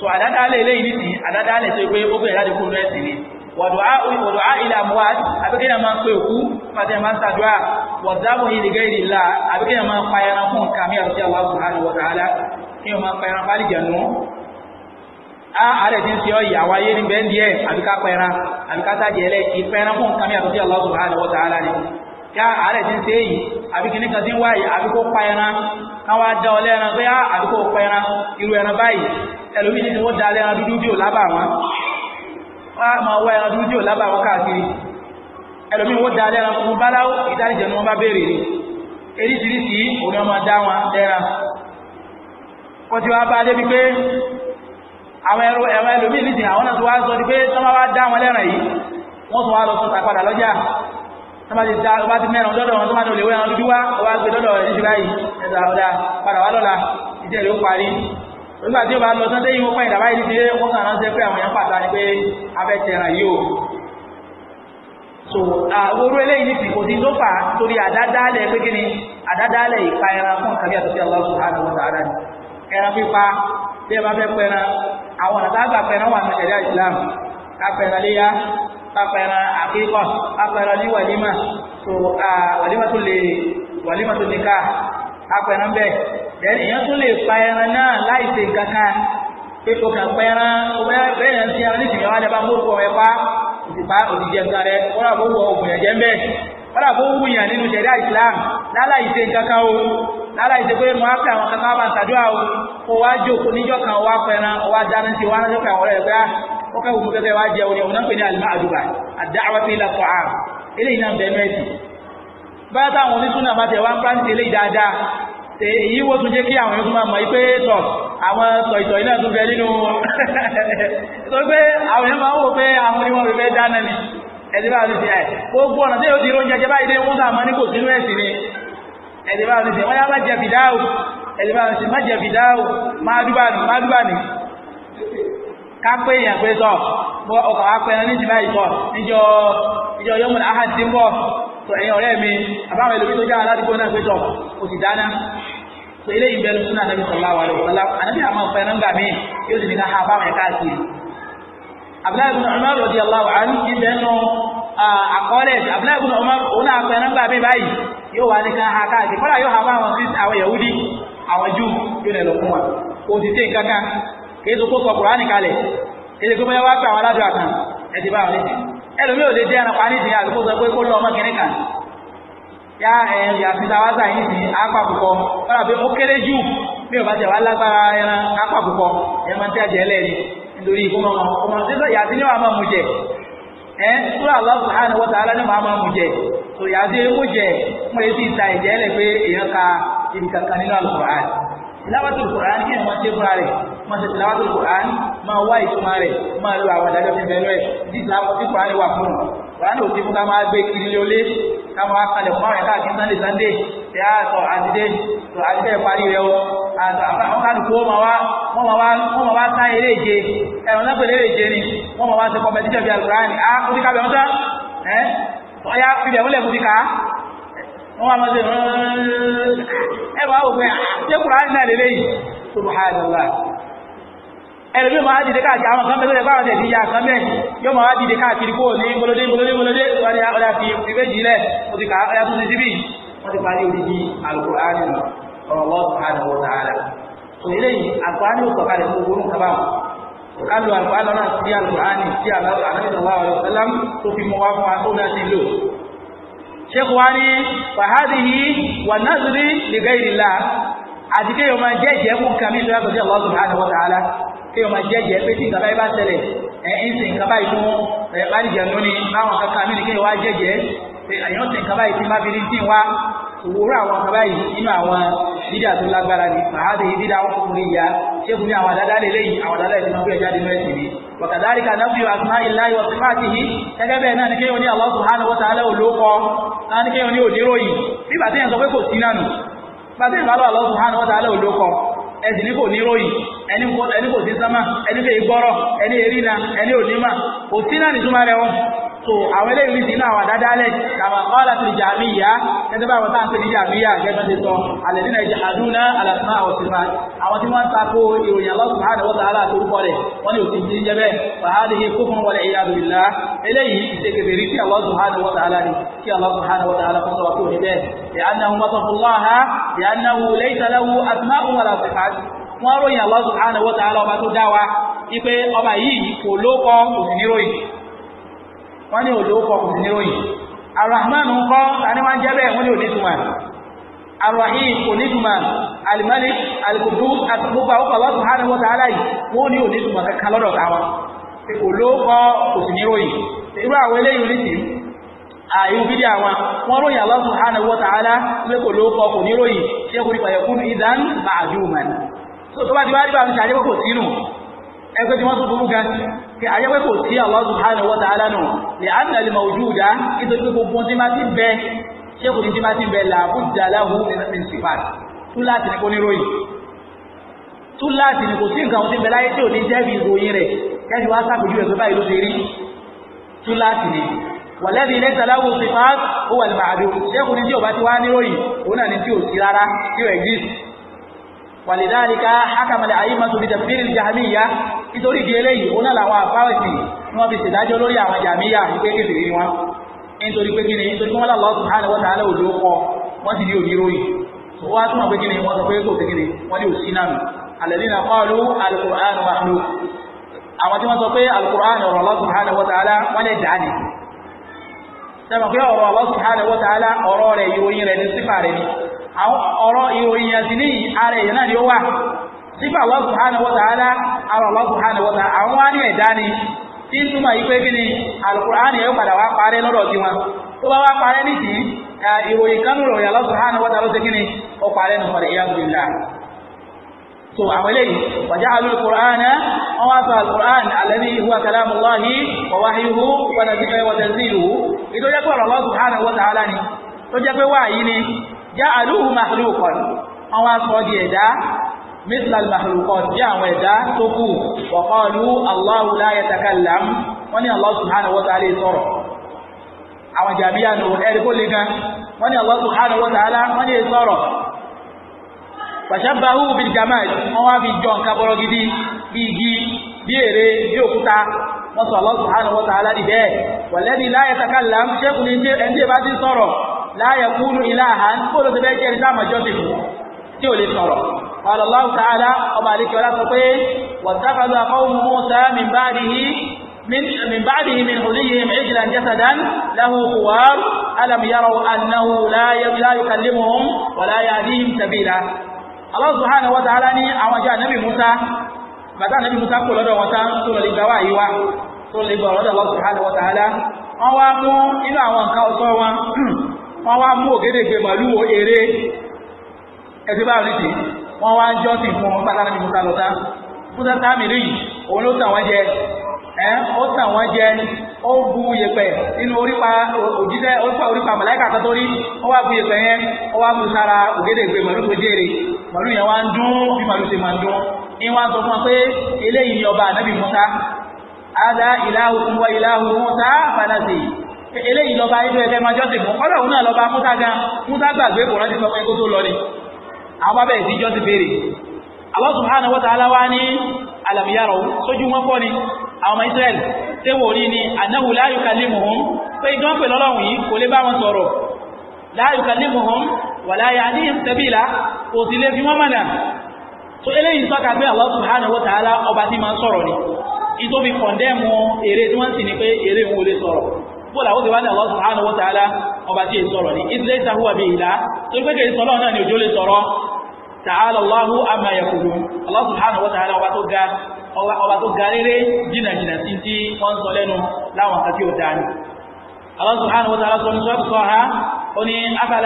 so àdádálẹ̀ eléyìí ní sìn àdádálẹ̀ tó pé ó bẹ̀rẹ̀ láti kúrò ẹ̀sìn ni wàdùá ilẹ̀ àmúwá àbíkẹ́yà máa ń pè òkú fàtẹ́ máa ń sàdúrà wàdàbò ìdìgẹ́ ìdìlá àbíkẹ́yà máa ń pa ẹran fún nǹkan mí àti àwọn subhanahu wa ta'ala kí wọ́n máa pa ẹran pálí jẹ̀nu á àárẹ̀ tí ń ṣe ọ̀yà wáyé ní bẹ́ẹ̀ díẹ̀ àbíká pa ẹran àbíká sáàjì ẹlẹ́ ìpẹ́ ẹran fún tí ń ṣe àbíkó pa ẹran káwá dá ọlẹ́ran pé àbíkó pa ẹran irú ẹran báyìí ẹlòmí ní wọ́n dalẹ̀ ẹran dúdú tí ò lábà wọn wọ́n ma wá ẹran dúdú tí ò lábà wọn káàkiri ẹlòmí wọ́n dalẹ̀ ẹran fún báláwó ìdánijẹ ni wọ́n bá béèrè ni eríṣiríṣi òun ni wọ́n máa dá wọn dẹ́ra wọ́n ti wá bá débi pé àwọn ẹ̀rọ ẹ̀rọ ẹlòmí nìsín àwọn náà tó wá sọ pé tí wọ́n bá dá wọn lẹ́ràn yìí wọ́n tún wá lọ sọ̀tà padà lọ́jà tí wọ́n bá ti mẹ́ràn lọ́dọ̀ wọn tó má lè wé ẹran dúdú wá wọ́n á gbé lọ́dọ̀ ẹ̀ nígbà tí ó bá lọ tán dé ìwọ́pẹ́ ìdàbá yìí pé wọ́n kàn ránṣẹ́ pé àwọn èèyàn pàtà ni pé abẹ́tẹ̀ràn yìí o so àwòrú eléyìí ní ti kò sí tó fà torí àdádálẹ̀ pé kí ni àdádálẹ̀ ìpa ẹran fún ìkàbí àtúnṣe Allah subhanahu wa ta'ala ni ẹran pípa bí ẹ bá fẹ́ pẹran àwọn àtàwọn àgbà pẹran wà ní ṣẹ̀ríà Islam kápẹran léyà kápẹran àkíkọ̀ kápẹran ní wàlímà so wàlímà tó lè wàlímà tó ní ká kápẹran bẹ́ẹ̀ tẹ̀lé èèyàn tún lè pa ẹran náà láì ṣe nǹkan kan pé kò kàn pa ẹran bẹ́ẹ̀ yẹn ti ẹran nísìnyí wọn dábàá mọ́kọ ẹ pa òtìpá òtìjẹ nǹkan rẹ kọ́ra kó wọ ògùn ẹ̀jẹ̀ ń bẹ̀ kọ́ra kó wù yàn nínú ṣẹ̀dá Islam láláì ṣe nǹkan kan o láláì ṣe pé mo á pè àwọn kankan bá ń tàdúrà o kó wá jókòó níjọ́ kan wá pẹran wá dáná sí wá lọ́jọ́ pé àwọn ọ̀rẹ́ rẹ pé ah, ó kẹ́wù fún kẹ́kẹ́ wá jẹ òní òun náà pè ní àlùmọ́ àdúgbà àdáwà sí èyí wo tún jẹ́ kí àwọn ẹ̀kún máa mọ̀ pé tọ̀ àwọn tọ̀ìtọ̀ iná tún bẹ nínú tó pé àwọn ẹ̀yàn máa ń wò pé àwọn oníwọ̀n rẹ̀ fẹ́ dáná ni ẹ̀dí bá ti ẹ̀ gbogbo ọ̀nà tí yóò ti róúnjẹ jẹ báyìí wọ́n sàmọ́ ní kò sínú ẹ̀sìn ni ẹ̀dí bá ti wọ́n yá má jẹ bá má jẹ máa dúbà ní tọ̀ sọ ẹ̀yin ọ̀rẹ́ mi àbáwọn ẹlòmí tó jára ládùúgbò náà pé tọ̀ o sì dáná pé eléyìí bẹ́ẹ̀ lọ́sùn ànábì sọ̀lá wà lọ́wọ́ sọ̀lá ànábì àmọ́ ọ̀fẹ́ nọ́ńgà mi yóò sì ní ká ẹ̀ka sí i. Abdullahi ibn Umar radiyallahu anhu ibẹ̀ nù àkọọ́lẹ̀ Abdullahi ibn Umar òun náà fẹ́ nọ́ńgà mi báyìí yóò wà ní ká káàkiri kọ́lá yóò ha báwọn sí àwọn Yahudi àwọn Júù yóò nẹ̀ lọ fún wa kò sì sí nǹkan kan kì í ẹlòmí ò lè jẹ́ ẹran parí ìsìn àgbẹ̀kó sọ pé kó lọ ọmọ kìnìkà yá ẹ̀yìn yàtí tàwátà yìí sí apàkùkọ ọ̀rọ̀ pé ó kéré jù bí ò bá jẹ̀ wá lágbára ẹran apàkùkọ ẹ̀yìn máa ń tẹ́jẹ̀ ẹlẹ́ni nítorí ìkómọ ọmọ sísọ yàtí ní wàá máa mú jẹ ẹ sọ Allah subhanahu wa ta'ala ní wàá máa mú jẹ sọ yàtí mú jẹ mo lè ti ta ẹ̀jẹ̀ ẹlẹ́ pé èèyàn ka ibi kankan nínú al máa ṣe tìlàwátì Qur'an máa wá ìtumá rẹ̀ máa lo àwọn àdájọ́ ti bẹ̀rẹ̀ rẹ̀ bí ìsìlámù tí Qur'an wà fún un Qur'an ò ti fún ká máa gbé kiri lólé ká máa kalẹ̀ fún àwọn ẹ̀ka àti Sunday Sunday tí a sọ àtidé sọ àtidé parí rẹ̀ o àwọn kálukú ó máa wá wọ́n máa wá sá eré ìje ẹ̀rọ náà pèlè eré ìje ni wọ́n máa wá ṣe competition bí Al-Qur'an á kó ti kábẹ̀ ọ̀tá ẹ̀ ọ̀yá fìdí ẹ̀wọ́lẹ̀ kó ti ká wọ́n wá máa ṣe ẹ̀rọ àwọn òpin ẹ̀kùnrin náà lélẹ́yìn subhanallah ẹ̀rọ yóò máa dìde káàkiri àwọn kan mẹ́lẹ́lẹ́ báwọn tẹ̀lé ya kan mẹ́ yóò máa dìde káàkiri kó ní gbọlódé gbọlódé gbọlódé wọ́n ọ̀dà fi ìgbéjì lẹ̀ ó ti kàá ọ̀yà tuntun síbí wọ́n ti fi mọ wá sheikh wani fahadihi wa nazri li ghayrillah àti kéèyàn máa jẹ́ ìjẹ́kùn kàmí ìtura tó jẹ́ Allah subhanahu wa ta'ala kí ọmọ jẹ́jẹ́ pé tí nǹkan báyìí bá ṣẹlẹ̀ ẹ̀ ń sin nǹkan báyìí fún ẹ̀ báyìí nù ni báwọn kankan mí ni kí wá jẹ́jẹ́ pé àyàn sin nǹkan báyìí tí má fi ní tí wá òwúrọ̀ àwọn nǹkan báyìí nínú àwọn dídà tó lágbára ni màáde dídà wọn kò ní ya ṣé fún mi àwọn àdáda lè léyìí àwọn àdáda lè máa gbé ẹja dínú ẹsìn mi wàkàdárí kan náà fi àtúmá ilá ìwọ sí fáàtì yìí gẹ́gẹ́ bẹ́ẹ̀ náà ni kéèyàn ní Allah subhanahu wa ta'ala olóko náà ni kéèyàn ní òdíròyìn bí bàtẹ́yàn sọ pé kò sí náà nù bàtẹ́yàn bá lọ Allah subhanahu wa ta'ala olóko ẹ̀sìn ní kò ní ẹni kò sí sánmà ẹni fẹ́ gbọ́rọ̀ ẹni erina ẹni onímà kò sí náà nìtúmọ̀ rẹ̀ wọn so àwọn eléyìí ti náà wà dáadáa lẹ̀ kàmá kọ́lá ti jàmíyà gẹ́gẹ́ bá àwọn táǹkì ní jàmíyà gẹ́gẹ́ ti sọ àlẹ́dí náà jàdúnà àlàsímà ọ̀sìnmá àwọn tí wọ́n ń takò ìròyìn aláṣùmá àdàwọ̀ sàárà tó kọ́ rẹ̀ wọ́n ní òsì jíjẹ́ bẹ́ẹ̀ fàhádì yìí kó fún wọlé ìyá àdùnlá eléyìí ìṣèkèbèrè kí aláṣùmá àdàwọ̀ sàárà ni kí aláṣùmá àdàwọ̀ sàárà fún sọ̀rọ̀ kí òní bẹ́ẹ̀ ìyá náà wọ́n sọ fún lọ́ha ìyá náà wọ́n lẹ́yìn wọ́n ròyìn Allah subhanahu wa ta'ala ọba tó dá wa wípé ọba yìí kò lókọ kò sí níròyìn wọ́n ní òlókọ kò sí níròyìn Ar-Rahman ń kọ́ tani wọ́n jẹ́ bẹ́ẹ̀ wọ́n ní onítumọ̀ Ar-Rahim onítumọ̀ Al-Malik Al-Qudus àti gbogbo àwọn Allah subhanahu wa yìí wọ́n ní onítumọ̀ kankan lọ́dọ̀ táwọn olóòkọ kò sí Allah subhanahu wa ta'ala pé kò lóòkọ kò níròyìn ṣe kò ní pàyẹ̀kún ìdán ma'ajuman tó bá ti wá rí bá ń ṣe àjẹ́pẹ́ kò sí nù ẹgbẹ́ tí wọ́n tún burú gan kí àjẹ́pẹ́ kò sí Allah subhanahu wa ta'ala nù lè á nà lè mọ̀ ojú ìdá nítorí pé gbogbo tí máa ti bẹ ṣé kò ní tí máa ti bẹ làbú dàláhù ní sífàt tú láti ní kó ní ròyìn tú láti ní kò sí nǹkan tí ń bẹ láyé tí ò ó bá ti wá ní òun náà ní tí ò sí rárá tí ò exist wàlìdáríká hákàmàlẹ̀ àyímọ̀tò bíi tẹ̀fìrì jàmíyà nítorí di eléyìí ó náà làwọn àfáwẹ̀sì ni wọ́n fi ṣèdájọ́ lórí àwọn jàmíyà wípé kékeré ni wọn nítorí pé kíni nítorí wọn lọ́wọ́ subhanahu wa ta'ala òdo kọ wọ́n sì ní oníròyìn tó wá túmọ̀ pé kíni wọ́n sọ pé kò sí kíni wọ́n ní òsì náà alladhina qalu al-Qur'an makhluq àwọn tí wọ́n sọ pé al Allah subhanahu wa ta'ala wọ́n lè dà ní. sẹ́wọ̀n pé Allah subhanahu wa ta'ala ọ̀rọ̀ rẹ̀ ìròyìn rẹ̀ ní sífà ni ọ̀rọ̀ ìròyìn àti ní ara èèyàn náà ni ó wà sígbà Allah subhanahu wa ta'ala ara Allah subhanahu wa ta'ala àwọn wá ní ẹ̀dá ni tí ń túmọ̀ yí pé kí ni alukur'ani yóò padà wá parẹ́ lọ́dọ̀ tí wọn tó bá wá parẹ́ nìsín ìròyìn kan nínú ìyàlọ́ subhanahu wa ta'ala ṣe kí ni ó parẹ́ nù fọlẹ̀ ìyá gbìlá so tó jẹ́ pé wáyé ni ja'aluhu makhluqan àwọn aṣọ di ẹ̀dá mithlal makhluqat bí àwọn ẹ̀dá tó kù wa qalu Allahu la yatakallam wọ́n ní Allah subhanahu wa ta'ala sọ̀rọ̀ àwọn jàbíyà nù ẹ̀rí kó le gan wọ́n ní Allah subhanahu wa ta'ala wọ́n ní sọ̀rọ̀ fàṣàbáhù bí jamal wọ́n wá fi jọ nǹkan bọ́rọ̀ gidi bí igi bí èrè bí òkúta wọ́n sọ Allah subhanahu wa ta'ala dì bẹ́ẹ̀ wal ladhi la yatakallam ṣẹ́kùn ní ẹni tí bá ti sọ̀rọ̀ láàyè kúrú ìlàhà kó ló ti bẹ́ẹ̀ jẹ́ nígbà àmọ́jọ́ tí ò lè sọ̀rọ̀ قال الله تعالى ọba àlekè ọlá sọ pé موسى من بعده من من بعده من حليهم عجلا جسدا له خوار ألم يروا أنه لا لا يكلمهم ولا يهديهم سبيلا الله سبحانه وتعالى ní àwọn jẹ́ ànábì Musa bàtà ànábì Musa kò lọ́dọ̀ wọn tán tó lè سبحانه وتعالى wọ́n wá mú inú wọ́n wá mú ògédègbè màálù wo eré ẹtí bá wọ́n wá ń jọ́ sí fún wọn pátá níbi musa lọ́tà musa sáàmì rí òun ló tàn jẹ ẹ ó tàn jẹ ó bu yèpẹ̀ nínú orípa òjíṣẹ́ orípa orípa màláìka kan ó wá bu yẹn ó wá bu sára tó yẹn wá ń dún bí ṣe máa ń dún ní ni ọba eléyìí lọ́ba ẹjọ́ ẹ̀fẹ́ máa jọ́sìn fún kọ́lá òun náà lọ́ba múta gan múta gbàgbé kò rántí sọ pé kó tó lọ ni àwọn bá bẹ̀rẹ̀ sí jọ́sìn béèrè Allah subhanahu wa ta'ala wá ní alam yaraw sójú wọn kọ́ ni àwọn ọmọ Israẹli ṣé wò rí ni annahu la yukallimuhum pé ìjọ ń pè lọ́lọ́run yìí kò lè bá wọn sọ̀rọ̀ la yukallimuhum wa la yahdihim sabila kò sì lè fi wọ́n mọ̀nà so eléyìí sọ́ka pé Allah subhanahu wa ta'ala ọba tí máa ń sọ̀rọ̀ ni ìtòbi kọ̀ndẹ́mu eré tí wọ́n sì ní pé eré òun ò sọ̀rọ̀ bó làwọn ti wá ní Allah subhanahu wa ta'ala ọba tí èyí sọ̀rọ̀ ní ìdílé ìtahùwà bíi ìlà torí pé kèé sọ̀rọ̀ náà ni òjò lè sọ̀rọ̀ ta'ala Allahu amma yaqulun Allah subhanahu wa ta'ala ọba tó ga ọba tó ga rere jìnnà jìnnà sí tí wọ́n ń sọ lẹ́nu láwọn àti òdà ni Allah subhanahu wa ta'ala sọ ní sọ́ọ̀tù sọ́ha ìsìnkú wọn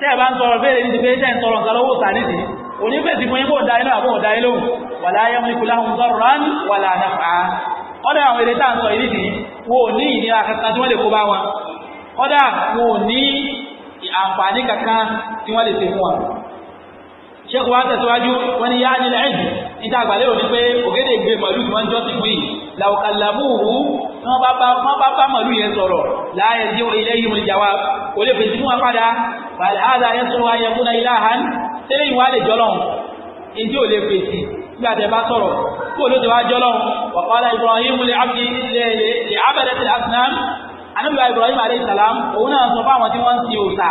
tẹ́ ń sọ̀rọ̀ bẹ́ẹ̀ ni ti pé tẹ́ ń sọ̀rọ̀ nǹkan lọ́wọ́ sàníṣìí kò ní fèsì fún yín kó dá iná àbọ̀ dá ilé òun wà láyé wọn kò láhùn sọ̀rọ̀ rán wà láàdá fà á ọ̀dà àwọn èdè tá à ń sọ ìdí nìyí wọn ò ní ìnira kankan tí wọ́n lè kó bá wọn ọ̀dà wọn ò ní àǹfààní kankan tí wọ́n lè ṣe fún wọn. ṣéèkù wa tẹ̀síwájú wọn ni yáa nílẹ̀ ẹ̀jù níta àgbàlẹ́ òní pé ògédè ìgbé màlúù tí wọ́n jọ́ sí fún yìí làwùkàlàmùhù wọ́n bá bá màlúù yẹn sọ̀rọ̀ láàyè tí ilé yìí mo jà wá kò fèsì fún wa padà bàlẹ́ àdá yẹn sọ̀rọ̀ ayẹ̀kúnna ilé àhán tẹ́lẹ̀ ìwà lè jọlọ́run ìdí ò lè fèsì nígbà tẹ́ bá sọ̀rọ̀ kó ló ti wá jọlọ́run wàkọ́lá Ibrahim lè abdi lè lè abẹ́rẹ́ tẹ̀lé asinam anábìá Ibrahim alayhi salam òun náà sọ fáwọn tí wọ́n ń ti òòṣà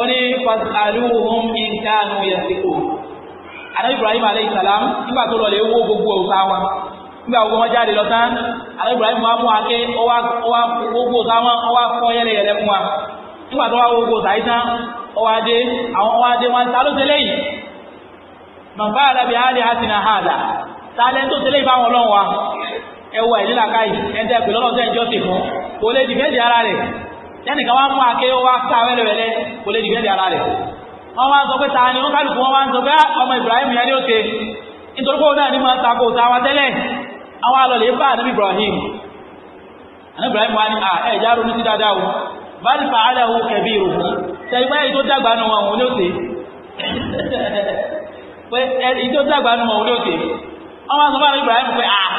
ó ní fasaluhum in kanu yasiku Ibrahim alayhi salam nígbà tó lọ lè gbogbo òòṣà wọn nígbà gbogbo wọn jáde lọ tán anábìá Ibrahim wa mú wa ké gbogbo òòṣà wọn ó fọ́ yẹ́lẹ́yẹ́lẹ́ fún wa nígbà tó wá gbogbo òòṣà yìí tán ọwádé àwọn ọwádé wọn tààlù tẹ́lẹ̀ yìí màbá àdàbí àádé àti nà àádà na tó tẹ́lẹ̀ ìbáwọn ọlọ́run wa ẹwà ìdílàkà yìí ẹ̀ńtẹ́ pẹ̀lú ọlọ́sẹ̀ ìjọ sì fún kò lè dìbẹ́ẹ̀dì ara rẹ̀ wá mú àké wá ká kò lè ara rẹ̀ wọ́n wá sọ pé ta ni wọ́n kálukú wọ́n wá sọ pé ah, ọmọ Ibrahim yẹn ni ó ṣe nítorí pé òun náà bal fa'alahu kabiruhum tẹ̀gbẹ́ èyí tó dàgbà nù wọn òun ló ṣe pé èyí tó dàgbà nù wọn òun ló ṣe ọmọ àti ọmọ Ibrahim pé à ah!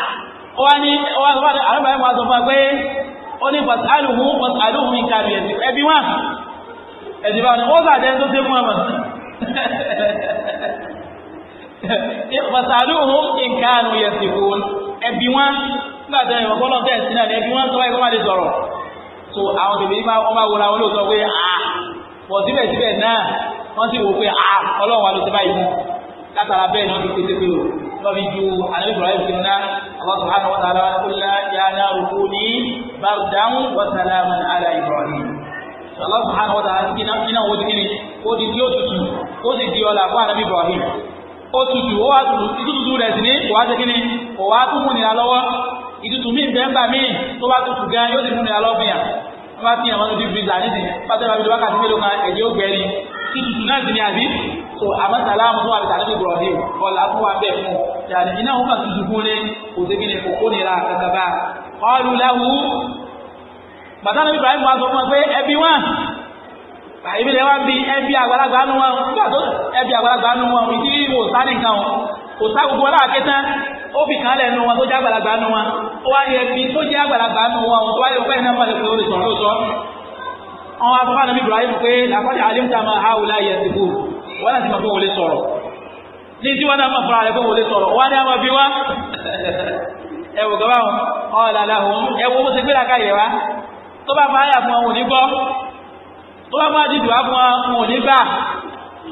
ó wá ní ọmọ àti ọmọ Ibrahim wá sọ fún wa pé ó ní fasaluhu fasaluhu min kàbí ẹ̀sìn ẹbí wọn ẹ̀sìn wọn ó sàdẹ́ tó dé fún ọmọ fasaluhu in kanu yẹsìn fún ẹbí wọn nígbà tẹ̀lé wọn sọ wáyé so àwọn bèbè yìí wọ́n bá wọra wọn lóòótọ́ pé a ah, pọ̀ síbẹ̀síbẹ̀ náà wọ́n sì wò pé a ah, ọlọ́run wa ló ti báyìí mú látara bẹ́ẹ̀ ni wọ́n fi pété pé o wọ́n fi ju ànábì Ibrahim sínú náà Allah subhanahu wa ta'ala kúlá ya naru kuni bardan wa salaman ala Ibrahim Allah subhanahu wa ta'ala iná wo ti kíni ó ti di ó tutù ó ti di ọ̀la fún ànábì Ibrahim ó tutù ó wá tutù títútù rẹ̀ sí ní kò wá ti kíni kò wá tún múnira lọ́wọ́ ìtutù mí bẹ́ẹ̀ bá mí tó bá tutù gan yóò sì múnira lọ́fìyàn wọ́n bá fihàn wọnú bíbí ìlànà ìsìn pátá ìbámu ìjọba kàtí mélòó kan ẹ̀jẹ̀ ó gbẹ̀rin títutù náà sì ni àbí so àmọ́ sàlámù fún àbíkà níbi ìbùrọ̀dé bọ́ọ̀lá fún wa bẹ́ẹ̀ fún yàrá iná òun kà tutù fún ní kò sí kíni kò kónira kankan bá ọlù lẹ́wù bàtà níbi Ibrahim wa sọ fún wa pé ẹbí wọn ìbílẹ̀ wa bí ẹbí àgbàlagbà nù wọn ẹbí àgbàlagbà nù wọn ìdí ìwò sáré nǹkan wọn kò sá gbogbo wọn láàké tán ó fi kan lẹ́nu wọn tó jẹ́ àgbàlagbà nu wọn ó wá yẹ bí tó jẹ́ àgbàlagbà nu wọn tó wá yẹ pé iná pàdé pé ó lè sọ̀rọ̀ lóòótọ́ àwọn afọ́fà nàbí Ibrahim pé làkọ́jà alimta ma ha wùlá yẹ ti kú wọn láti mọ̀ pé wọlé sọ̀rọ̀ ní tí wọn náà mọ̀ fúnra rẹ̀ pé wọlé sọ̀rọ̀ wọn ni a máa bí wá ẹwù gbọ́ báwọn ọ̀làlà òun ẹwù ó ti gbéra káyẹ̀ wá tó bá máa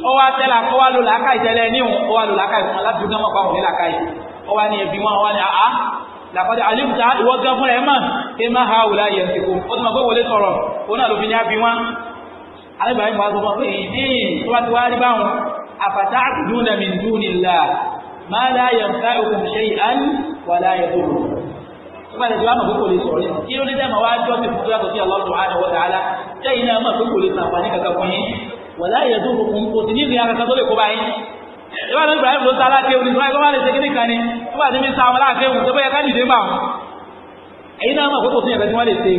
ọwọ́ àtẹ́lá ọwọ́ àlò làákà ìtẹ́lẹ̀ níhùn ọwọ́ àlò làákà ìfún aláàbí gbọ́n mọ̀ pàwọn nílàkà yìí ọwọ́ ni ẹ̀bí wọn wọn ni àá làkọ́dẹ̀ àlébùtà ìwọ́ gan fúnra ẹ̀ ha wùlá yẹ̀ ṣìkò ó ti mọ̀ pé wọlé sọ̀rọ̀ òun náà ló fi ní àbí wọn alẹ́bàáyé mọ̀ àgbọ̀n pé ìdí tó bá ti wá rí báwọn àfàtà àkùdúnà min dunillah ma la yanfa'ukum shay'an wa la yadurrukum nígbà tí wàá mọ̀ pé kò lè sọ̀rọ̀ yìí kí ló dé dẹ́mọ̀ wá jọ́ sí fún tó yàtọ̀ sí Allah subhanahu wa ta'ala jẹ́ mọ̀ pé kò lè sàǹfààní kankan fún yín wọ̀lá ìyẹ̀dùn òkun kò sí ní ìrìn àkàkà tó lè kó báyìí ìwà ní Ibrahim ló sá aláàkẹ́ òní tó wáyé kọ́ bá lè ṣe kíní kan ni tó bá ti fi sa aláàkẹ́ òun tó bẹ́yẹ ká nìdé bá wọn èyí náà mọ̀ kókò sí ẹ̀fẹ́ tí wọ́n lè ṣe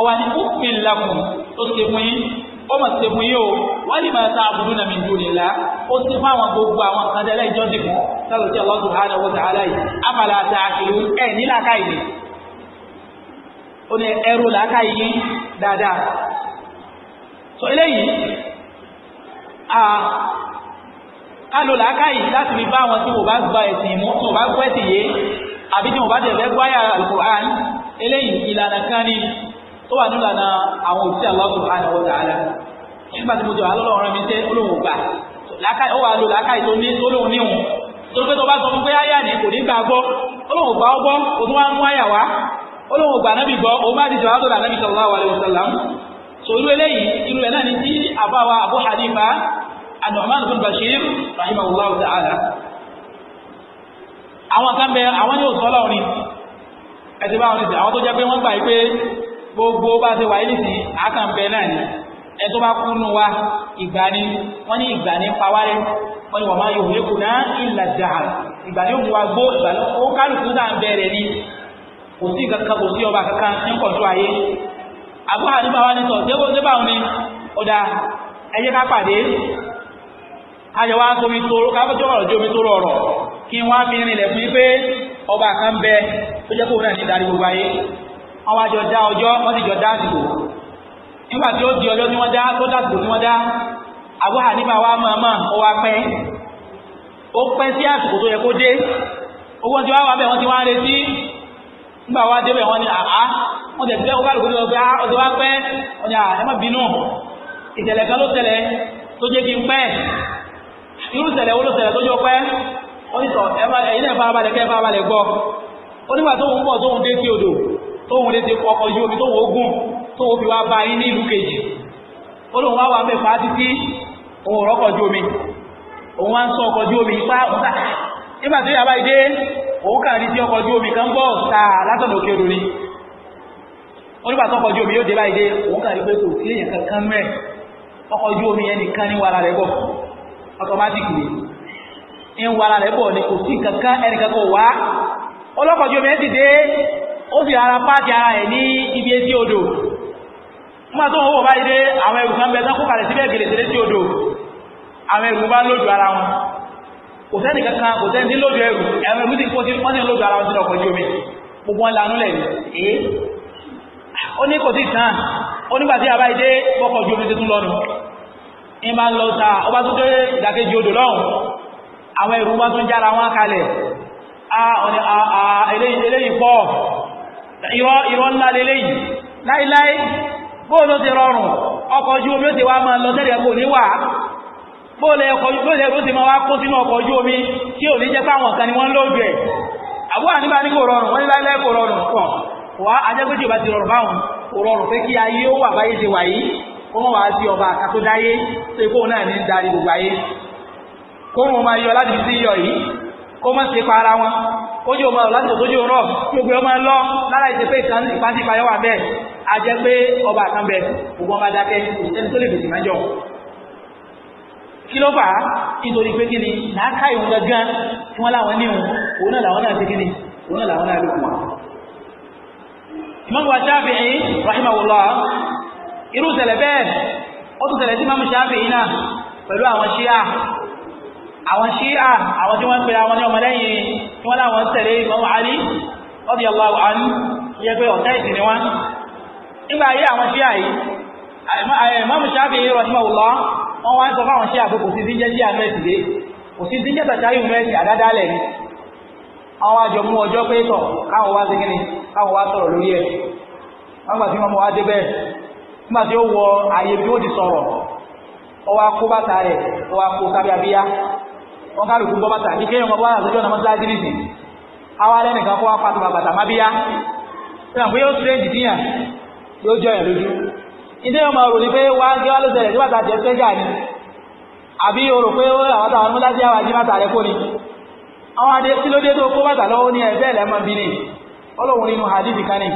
ọwà ní kófin lakùn tó ṣe fún yín ó mọ̀ ṣe fún yín o wọ́n kálò làákàyè láti fi bá wọn tí wọ́n bá gba ẹ̀sìn mú tí wọ́n bá gbọ́ ẹ̀sìn yé àbí tí wọ́n bá tẹ̀lé gbáyà alukur'an eléyìí ìlànà kan ní tó wà nílànà àwọn òṣìṣẹ́ Allah subhanahu wa nígbà tí mo ti wà ọ̀rọ̀ mi tẹ́ olóhùn gbà ó wà lò tó ní olóhùn níhùn tó pé tó bá sọ fún pé áyà ní kò ní gbà gbọ́ olóhùn gbà ó gbọ́ òtún wá mú áyà wá olóhùn gbà nábì gbọ́ sòrú eléyìí irú ẹ̀ náà ni tí àbáwa Abu Hanifa An-Nu'man bin Bashir rahimahullahu ta'ala àwọn kan bẹ àwọn yóò sọ ọlọ́run ni ẹ̀sìn báwọn ní sè àwọn tó jẹ́ pé wọ́n gbà yí pé gbogbo bá ṣe wà yí nìsín àkànbẹ náà ni ẹ tó bá kú nù wa ni wọ́n ní ìgbà ní pawárẹ́ wọ́n ní wọ́n máa yọ òwe kù náà wa gbó ìgbà ni ó kálukú náà ni kò sí kankan kò sí ọba kankan ní kọ̀ọ̀tù ayé Abu Hanifa wá ní sọ débò débà òní ọ̀dà ẹ̀yẹ ká pàdé ayọ̀ wá tómi tóró káfíńtì ọ̀rọ̀ di omi tóró ọ̀rọ̀ kí wọ́n á fi rinlẹ̀ fún yín pé ọba kan bẹ tó jẹ́ kóun náà ní darí gbogbo ayé wọ́n wá jọ dá ọjọ́ wọ́n sì jọ dá àsìkò nígbà tí ó di ọjọ́ tí wọ́n dá tó dàsìkò tí wá mọ̀ọ́mọ̀ retí nígbà wá débẹ̀ wọ́n ní àá wọ́n tẹ̀ sílẹ̀ kókàlùkù ní ọgbẹ́ ọdún wá pẹ́ wọ́n ní àá ẹ má bínú ìṣẹ̀lẹ̀ kan ló ṣẹlẹ̀ tó jẹ́ kí n pẹ́ irú ìṣẹ̀lẹ̀ wo ló ṣẹlẹ̀ tó jọ pẹ́ wọ́n ní sọ ẹ̀yin náà farabalẹ̀ kẹ́ farabalẹ̀ gbọ́ ó nígbà tó ń bọ̀ tó ń dé sí odò tó ń lé ti ọkọ̀ ju omi tó ń ogún tó ń fi wá bá yín ní ìlú kejì ó lóun wá wà mẹ́fà títí òun rọ́kọ̀ ju omi òun wá ń sọ ọkọ̀ ju omi ipá ọ̀tá nígbà tó yà báyìí dé òun kàn rí tí ọkọ̀ ojú omi kan bọ̀ sáà látọ̀nà òkè odò ni onígbà tó ọkọ̀ ojú omi yóò dé báyìí dé òun kàn rí pé kò sí èèyàn kankan mẹ́ ọkọ̀ ojú omi yẹn nìkan ní wàrà rẹ̀ bọ̀ ọtọmátìkì ni ń wàrà rẹ̀ bọ̀ ni kò sí kankan ẹnìkan kò wá ọlọ́kọ̀ ojú omi yẹn ti dé ó sì ara páàkì ara ẹ̀ ní ibi etí odò nígbà tó ń wò báyìí dé àwọn ẹrù kan bẹ tán kó kalẹ̀ síbẹ̀ gèlè sílé sí odò àwọn ẹrù bá lójú ara wọn kò sẹ́ni kankan kò sẹ́ni tí lójú ẹrù ẹ̀rọ ìlú ti kó sí wọ́n ní lójú ara wọn sínú ọkọ̀ ojú omi gbogbo wọn lanú lẹ̀ ní èé ó ní kò sí tán ó nígbà tí àbá ìdé ọkọ̀ ojú omi ti tún lọ́nu ní máa ń lọ sa ó bá tún dé ìdàkejì odò lọ́hùn àwọn ẹrù wọn tún jára wọn kalẹ̀ eléyìí pọ̀ irọ́ ńlá leléyìí láíláí bóòlù bóòlẹ̀ ẹ̀kọ́ ti máa wá kó sínú ọkọ̀ ojú omi tí ò ní jẹ́ fáwọn kan ni wọ́n lóògbé ẹ̀ àbúrà nígbà ní kò rọrùn wọ́n ní láìláì kò rọrùn pọ̀ wá ajẹ́gbẹ́jì bá ti rọrùn báwọn kò rọrùn pé kí ayé ó wà báyé ṣe wà yìí kó mọ̀ wá sí ọba àkàtó dáyé tó ikú náà ní darí gbogbo ayé kó mọ̀ máa yọ láti sí yọ yìí kó mọ̀ sí para wọn kójú ọmọ láti òtójú rọ gbogbo ọmọ lọ lára ìṣe pé ìtàn ìpàdé ìpàdé wà bẹ́ẹ̀ ajẹ́ pé ọba àkànbẹ̀ gbogbo ọmọ adákẹ́ ìṣẹ́ni tó lè fèsì máa jọ kí ló fà á nítorí pé kí ni láàká ìwọ̀n gangan tí wọ́n láwọn níhun òun náà làwọn náà ti kí ni òun náà làwọn náà lókun wa. Imam wa Shafi'i rahimahullah irú ṣẹlẹ̀ bẹ́ẹ̀ ó tún ṣẹlẹ̀ sí Imam Shafi'i náà pẹ̀lú àwọn ṣíà àwọn ṣíà àwọn tí wọ́n ń àwọn ọmọlẹ́yìn tí wọ́n láwọn wọ́n wá ń sọ fáwọn njeji anọ kò sí síjẹ́ sí àmẹ́sìdé kò sí síjẹ́ tàtàyù mẹ́sì àdádálẹ̀ ni àwọn jọ mú ọjọ́ pé tọ̀ káwọn wá síkíní káwọn wá sọ̀rọ̀ lórí ẹ̀ nígbà tí wọ́n mọ̀ wá débẹ̀ nígbà tí ó wọ ààyè bí ó ti sọ̀rọ̀ ó wá kó bàtà rẹ̀ ó wá kó sábẹ́ abíyá wọ́n ká lùkú bọ́ bàtà kí kéèyàn wọ́n wá àtọ́jọ́ ìdí ọmọ rò ní pé wá ń gé wá ló ṣẹlẹ̀ nígbàtà jẹ́ sẹ́jà ni àbí o rò pé ó àwọn àwọn múlájí àwọn àjí bàtà rẹ kó ni àwọn adé kí ló dé tó kó bàtà lọ́wọ́ ní ẹgbẹ́ ẹ̀lẹ́mọ bí ni ọlọ́run nínú hadithi kan ni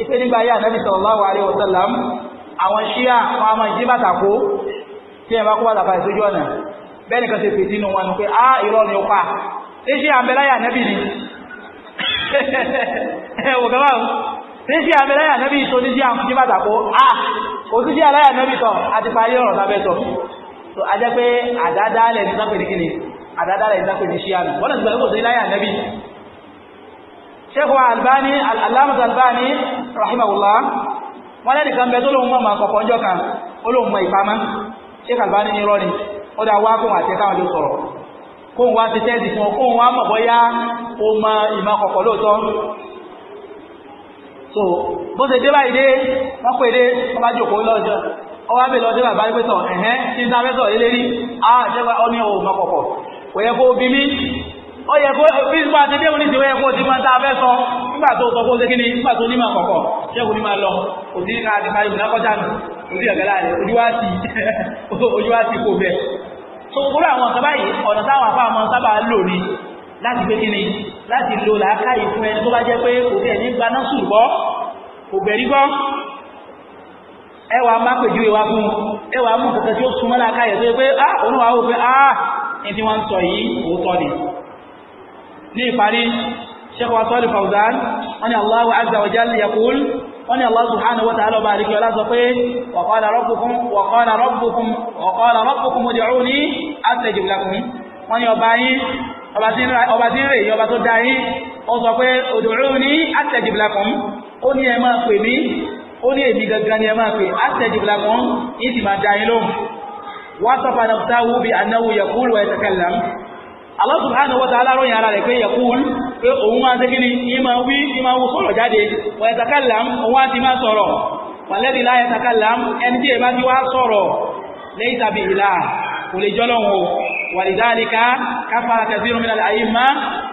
ipe nígbà yá nàbì sallallahu alaihi wasallam àwọn ṣíà wọn a máa jí bàtà kó tí ẹ bá kó bàtà báyìí sójú ọ̀nà bẹ́ẹ̀ nìkan ṣe pè sínú wọn pé á irọ́ ni ó pa ṣé ṣíà ń bẹ láyà nàbì ni tí sí àmìláyà nẹ́bí tó ní sí àmìbàtàkó à kò sí sí àláyà nẹ́bí tọ́ àti parí ọ̀rọ̀ lábẹ́ tọ́ so a jẹ́ pé àdádálẹ̀ ní sápẹ̀ ní kíni àdádálẹ̀ ní sápẹ̀ ní sí àmì wọ́n ti gbẹ̀rẹ̀ kò sí láyà nẹ́bí Sheikh Albani al-Allama Albani rahimahullah wọ́n lẹ́nì kan bẹ tó lóun mọ̀mọ̀ kọ̀kọ́ ọjọ́ kan ó lóun mọ ìpamọ́ Sheikh Albani ní so bó ṣe dé báyìí dé wọ́n pè dé wọ́n bá jòkó lọ́jọ́ ọwọ́ abẹ́ lọ́jọ́ bàbá yìí pé sọ ẹ̀hẹ́n tí ní abẹ́sọ̀ yìí lérí ah jẹ́gbà ọ ní o mọ kọ̀kọ̀ kò yẹ kó bí mi ó yẹ kó bí nípa ti dé oníṣẹ́ ó yẹ kó ti máa tá abẹ́ sọ nígbà tó sọ kó ṣe kí ni nígbà tó ní máa kọ̀kọ̀ ṣẹ́gun ní máa lọ kò sí ká ti parí ìbùdó akọ́jà nù orí ọ̀gá láàrin ojú wá sí ojú wá sí kò bẹ́ẹ̀ so gbogbo àwọn ọ̀sán báyìí ọ̀nà táwọn àfáà máa sábà lò ní láti gbé kí ni láti lo làákàyè fún ẹni tó bá jẹ́ pé òbí ẹni gba náà sùn gbọ́ kò gbẹ̀rí gbọ́ ẹ wàá má pèjúwe wá fún ẹ wàá mú kankan tí ó súnmọ́ làákàyè tó yẹ pé á ah, òun wàá wò pé á ah, ní tí wọ́n ń sọ yìí òótọ́ ni ní ìparí Sheikh wa sọ́lù Fawzan wọ́n ni yìí ọba tí ń rè yín ọba tó dá yín ó sọ pé ud'uni astajib lakum ó ní ẹ máa pè mí ó ní èmi gangan ni ẹ máa pè astajib lakum yìí sì máa dá yín lóhùn wasafa nafsahu bi annahu yaqulu wa yatakallam Allah subhanahu wa ta'ala ròyìn ara rẹ̀ pé yaqul pé òun máa ṣe kíni ìmọ̀ wí òun máa sọ̀rọ̀ wàlẹ́bí la yatakallam ẹni tí ẹ bá sọ̀rọ̀ lẹ́yìn tàbí ìlà kò lè ولذلك كفر كثير من الأئمة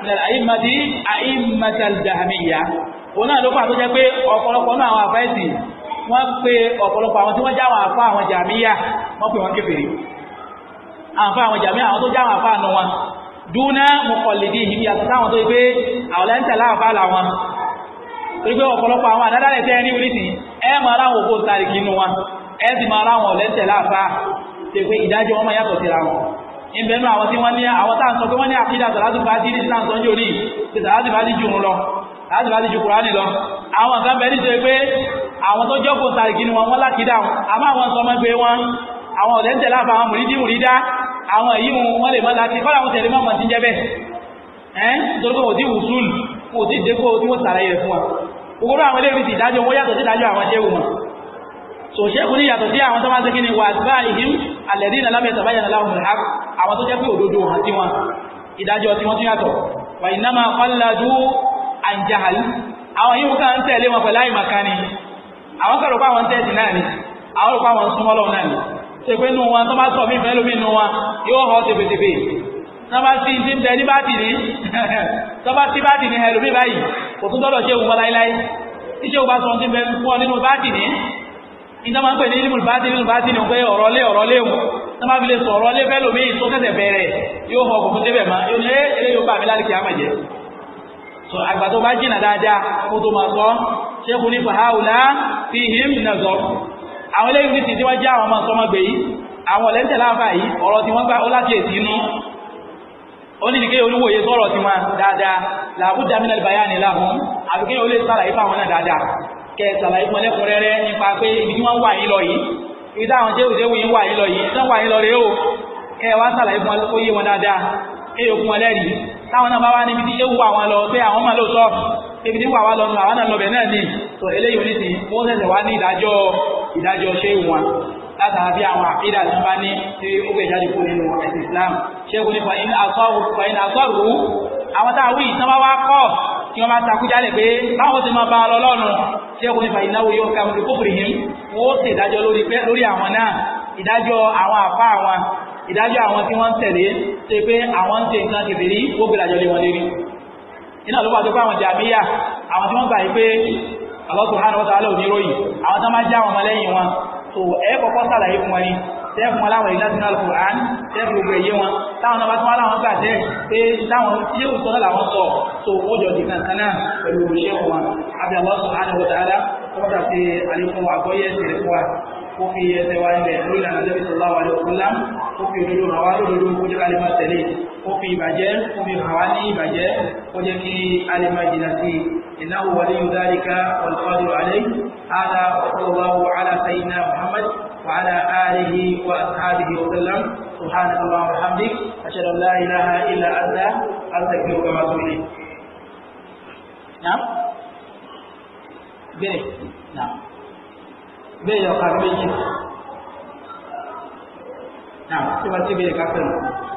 من الأئمة دي أئمة الجهمية هنا لو فاتوا جاكي ọ̀pọ̀lọpọ̀ náà àwọn àfẹ́sì wọ́n pe ọ̀pọ̀lọpọ̀ àwọn tí wọ́n já àwọn àfá àwọn jàmíyà wọ́n pè wọ́n kéfèrè àfá àwọn jàmíyà àwọn tó já àwọn àfá àna wọn dúnà mọ̀kànlélí yìí yàtọ̀ táwọn tó yẹ pé àwọn lẹ́ńtà láàfá làwọn torí pé ọ̀pọ̀lọpọ̀ àwọn àdádálẹ̀ tẹ́ ní orísìn ẹ máa ráwọn ògbó sáré kínú wọn ẹ sì máa ráwọn lẹ́ńtà láàfá ṣe pé ìdájọ́ wọn máa yàtọ̀ síra wọn ìbẹ̀nu àwọn tí wọ́n ní àwọn tá à ń sọ pé wọ́n ní àkídà sàlátù bá dí ní sílá sọ jò ní ti sàlátù bá dí ju òun lọ sàlátù bá dí ju kùránì lọ àwọn nǹkan bẹ̀rẹ̀ nítorí pé àwọn tó jọ́kọ̀ sàrìkì ni wọn wọ́n lákìdá àmọ́ àwọn sọmọ pé wọ́n àwọn ọ̀dẹ́ tẹ̀lé àfa mùrídí mùrídá àwọn èyí wọn lè mọ́ láti alladhina lam yatabayyana lahumul haqq àwọn tó jẹ́ pé òdodo hàn sí wọn ìdájọ́ tí wọ́n tún yàtọ̀ wa innama qalladu an jahl àwọn yìí ká ń tẹ̀lé wọn pẹ̀lú àìmọ̀ kan ni àwọn kẹrò pa àwọn tẹ̀sí náà ni àwọn rò pa àwọn súnmọ́ lọ́wọ́ náà ni ṣe pé nù wọn tó bá sọ mí fẹ́ lómi nù wọn nígbà máa ń pè ní ilmul batin ilmul batin ní pé ọ̀rọ̀ lé ọ̀rọ̀ lé wọn tó máa fi lè sọ ọ̀rọ̀ lé fẹ́ lómi tó tẹ̀sẹ̀ bẹ̀rẹ̀ yóò hàn kò débẹ̀ máa yóò lé eré yóò bá mi láti kí á mẹ̀jẹ̀ so àgbà tó bá jìnà dáadáa kó tó máa sọ ṣé kò ní fàáwùlá fi him nàzọ àwọn eléyìí ní ti tí wọ́n já àwọn ọmọ sọmọgbè yìí àwọn ọ̀lẹ́ńtẹ̀ láǹfà yìí ọ̀rọ̀ tí wọ́n gbá ó láti èsì inú onídìíké olúwòye sọ̀rọ̀ tiwọn dáadáa làbújá mílẹ̀ bàyá ni láhùn àbíké olè sára ìfà wọn náà dáadáa kẹ ṣàlàyé fún ẹlẹ́kùnrẹ́rẹ́ nípa pé ibi tí wọ́n wà yín lọ yìí ibi táwọn jẹ́ òṣèlú yín wà yín lọ yìí tán wà yín lọ rèé o kẹ wá ṣàlàyé fún ó yé wọn dáadáa kẹ yóò fún ẹlẹ́rìí táwọn náà bá wá níbi tí ewu àwọn lọ pé àwọn máa lóòótọ́ ibi tí wà wá lọ nù àwọn náà lọbẹ̀ náà ni tó eléyìí oníṣì wọ́n ṣẹ̀ṣẹ̀ wá ní ìdájọ́ ìdájọ́ ṣé wọn látara bí àwọn àkídà tí wọ́n bá ní tí ó gbé jáde kúrò nínú ẹ̀sìn Islam ṣé kò ní fa iná àtọ́rù àwọn táwọn wí ìtàn bá wá kọ́ tí wọ́n bá takú jálẹ̀ pé báwọn ti máa bá lọ lọ́nu tí ó kò nípa ìnáwó yóò ká lórí kókòrò yìí wọ́n ó sì ìdájọ́ lórí pé lórí àwọn náà ìdájọ́ àwọn àfa àwọn ìdájọ́ àwọn tí wọ́n tẹ̀lé ṣe pé àwọn ń ṣe nǹkan kìbìrí ó gbé ìdájọ́ wọn lérí iná ló bá tó pé jàmíyà àwọn tí wọ́n gbà yìí pé Allah subhanahu wa ta'ala oníròyìn àwọn tó máa já wọn mọ́lẹ́yìn wọn tó ẹ̀ kọ́kọ́ sàlàyé fún wọn ni tẹ́ fún aláwọ̀ ìlànà sínú alukur'an tẹ́ fún gbogbo ẹ̀yẹ wọn táwọn náà bá tún aláwọ̀ gbà tẹ́ pé táwọn yóò sọ náà làwọn sọ tó ó jọ di kankan náà pẹ̀lú iṣẹ́ wọn àbí àwọn sọ̀hánà wọ̀ tààlà wọ́n tà sí àlékún àgbọ́yé ẹ̀sìn fún wa kó fi ẹsẹ̀ wa ilẹ̀ lórí ìlànà lẹ́bi sọ̀lá wa lè kúlá kó fi òdodo ràn wá lódodo kó jẹ́ ká máa tẹ̀lé kó fi ìbàjẹ́ kó fi hàn wá ní ìbàjẹ́ kó jẹ́ kí a máa jìnnà sí i إنه ولي ذلك والقادر عليه هذا وصلى الله على سيدنا محمد وعلى آله وأصحابه وسلم سبحانك اللهم وبحمدك أشهد أن لا إله إلا أنت أستغفرك وأتوب إليك نعم بيه نعم بيه يا قربي نعم تبقى تبقى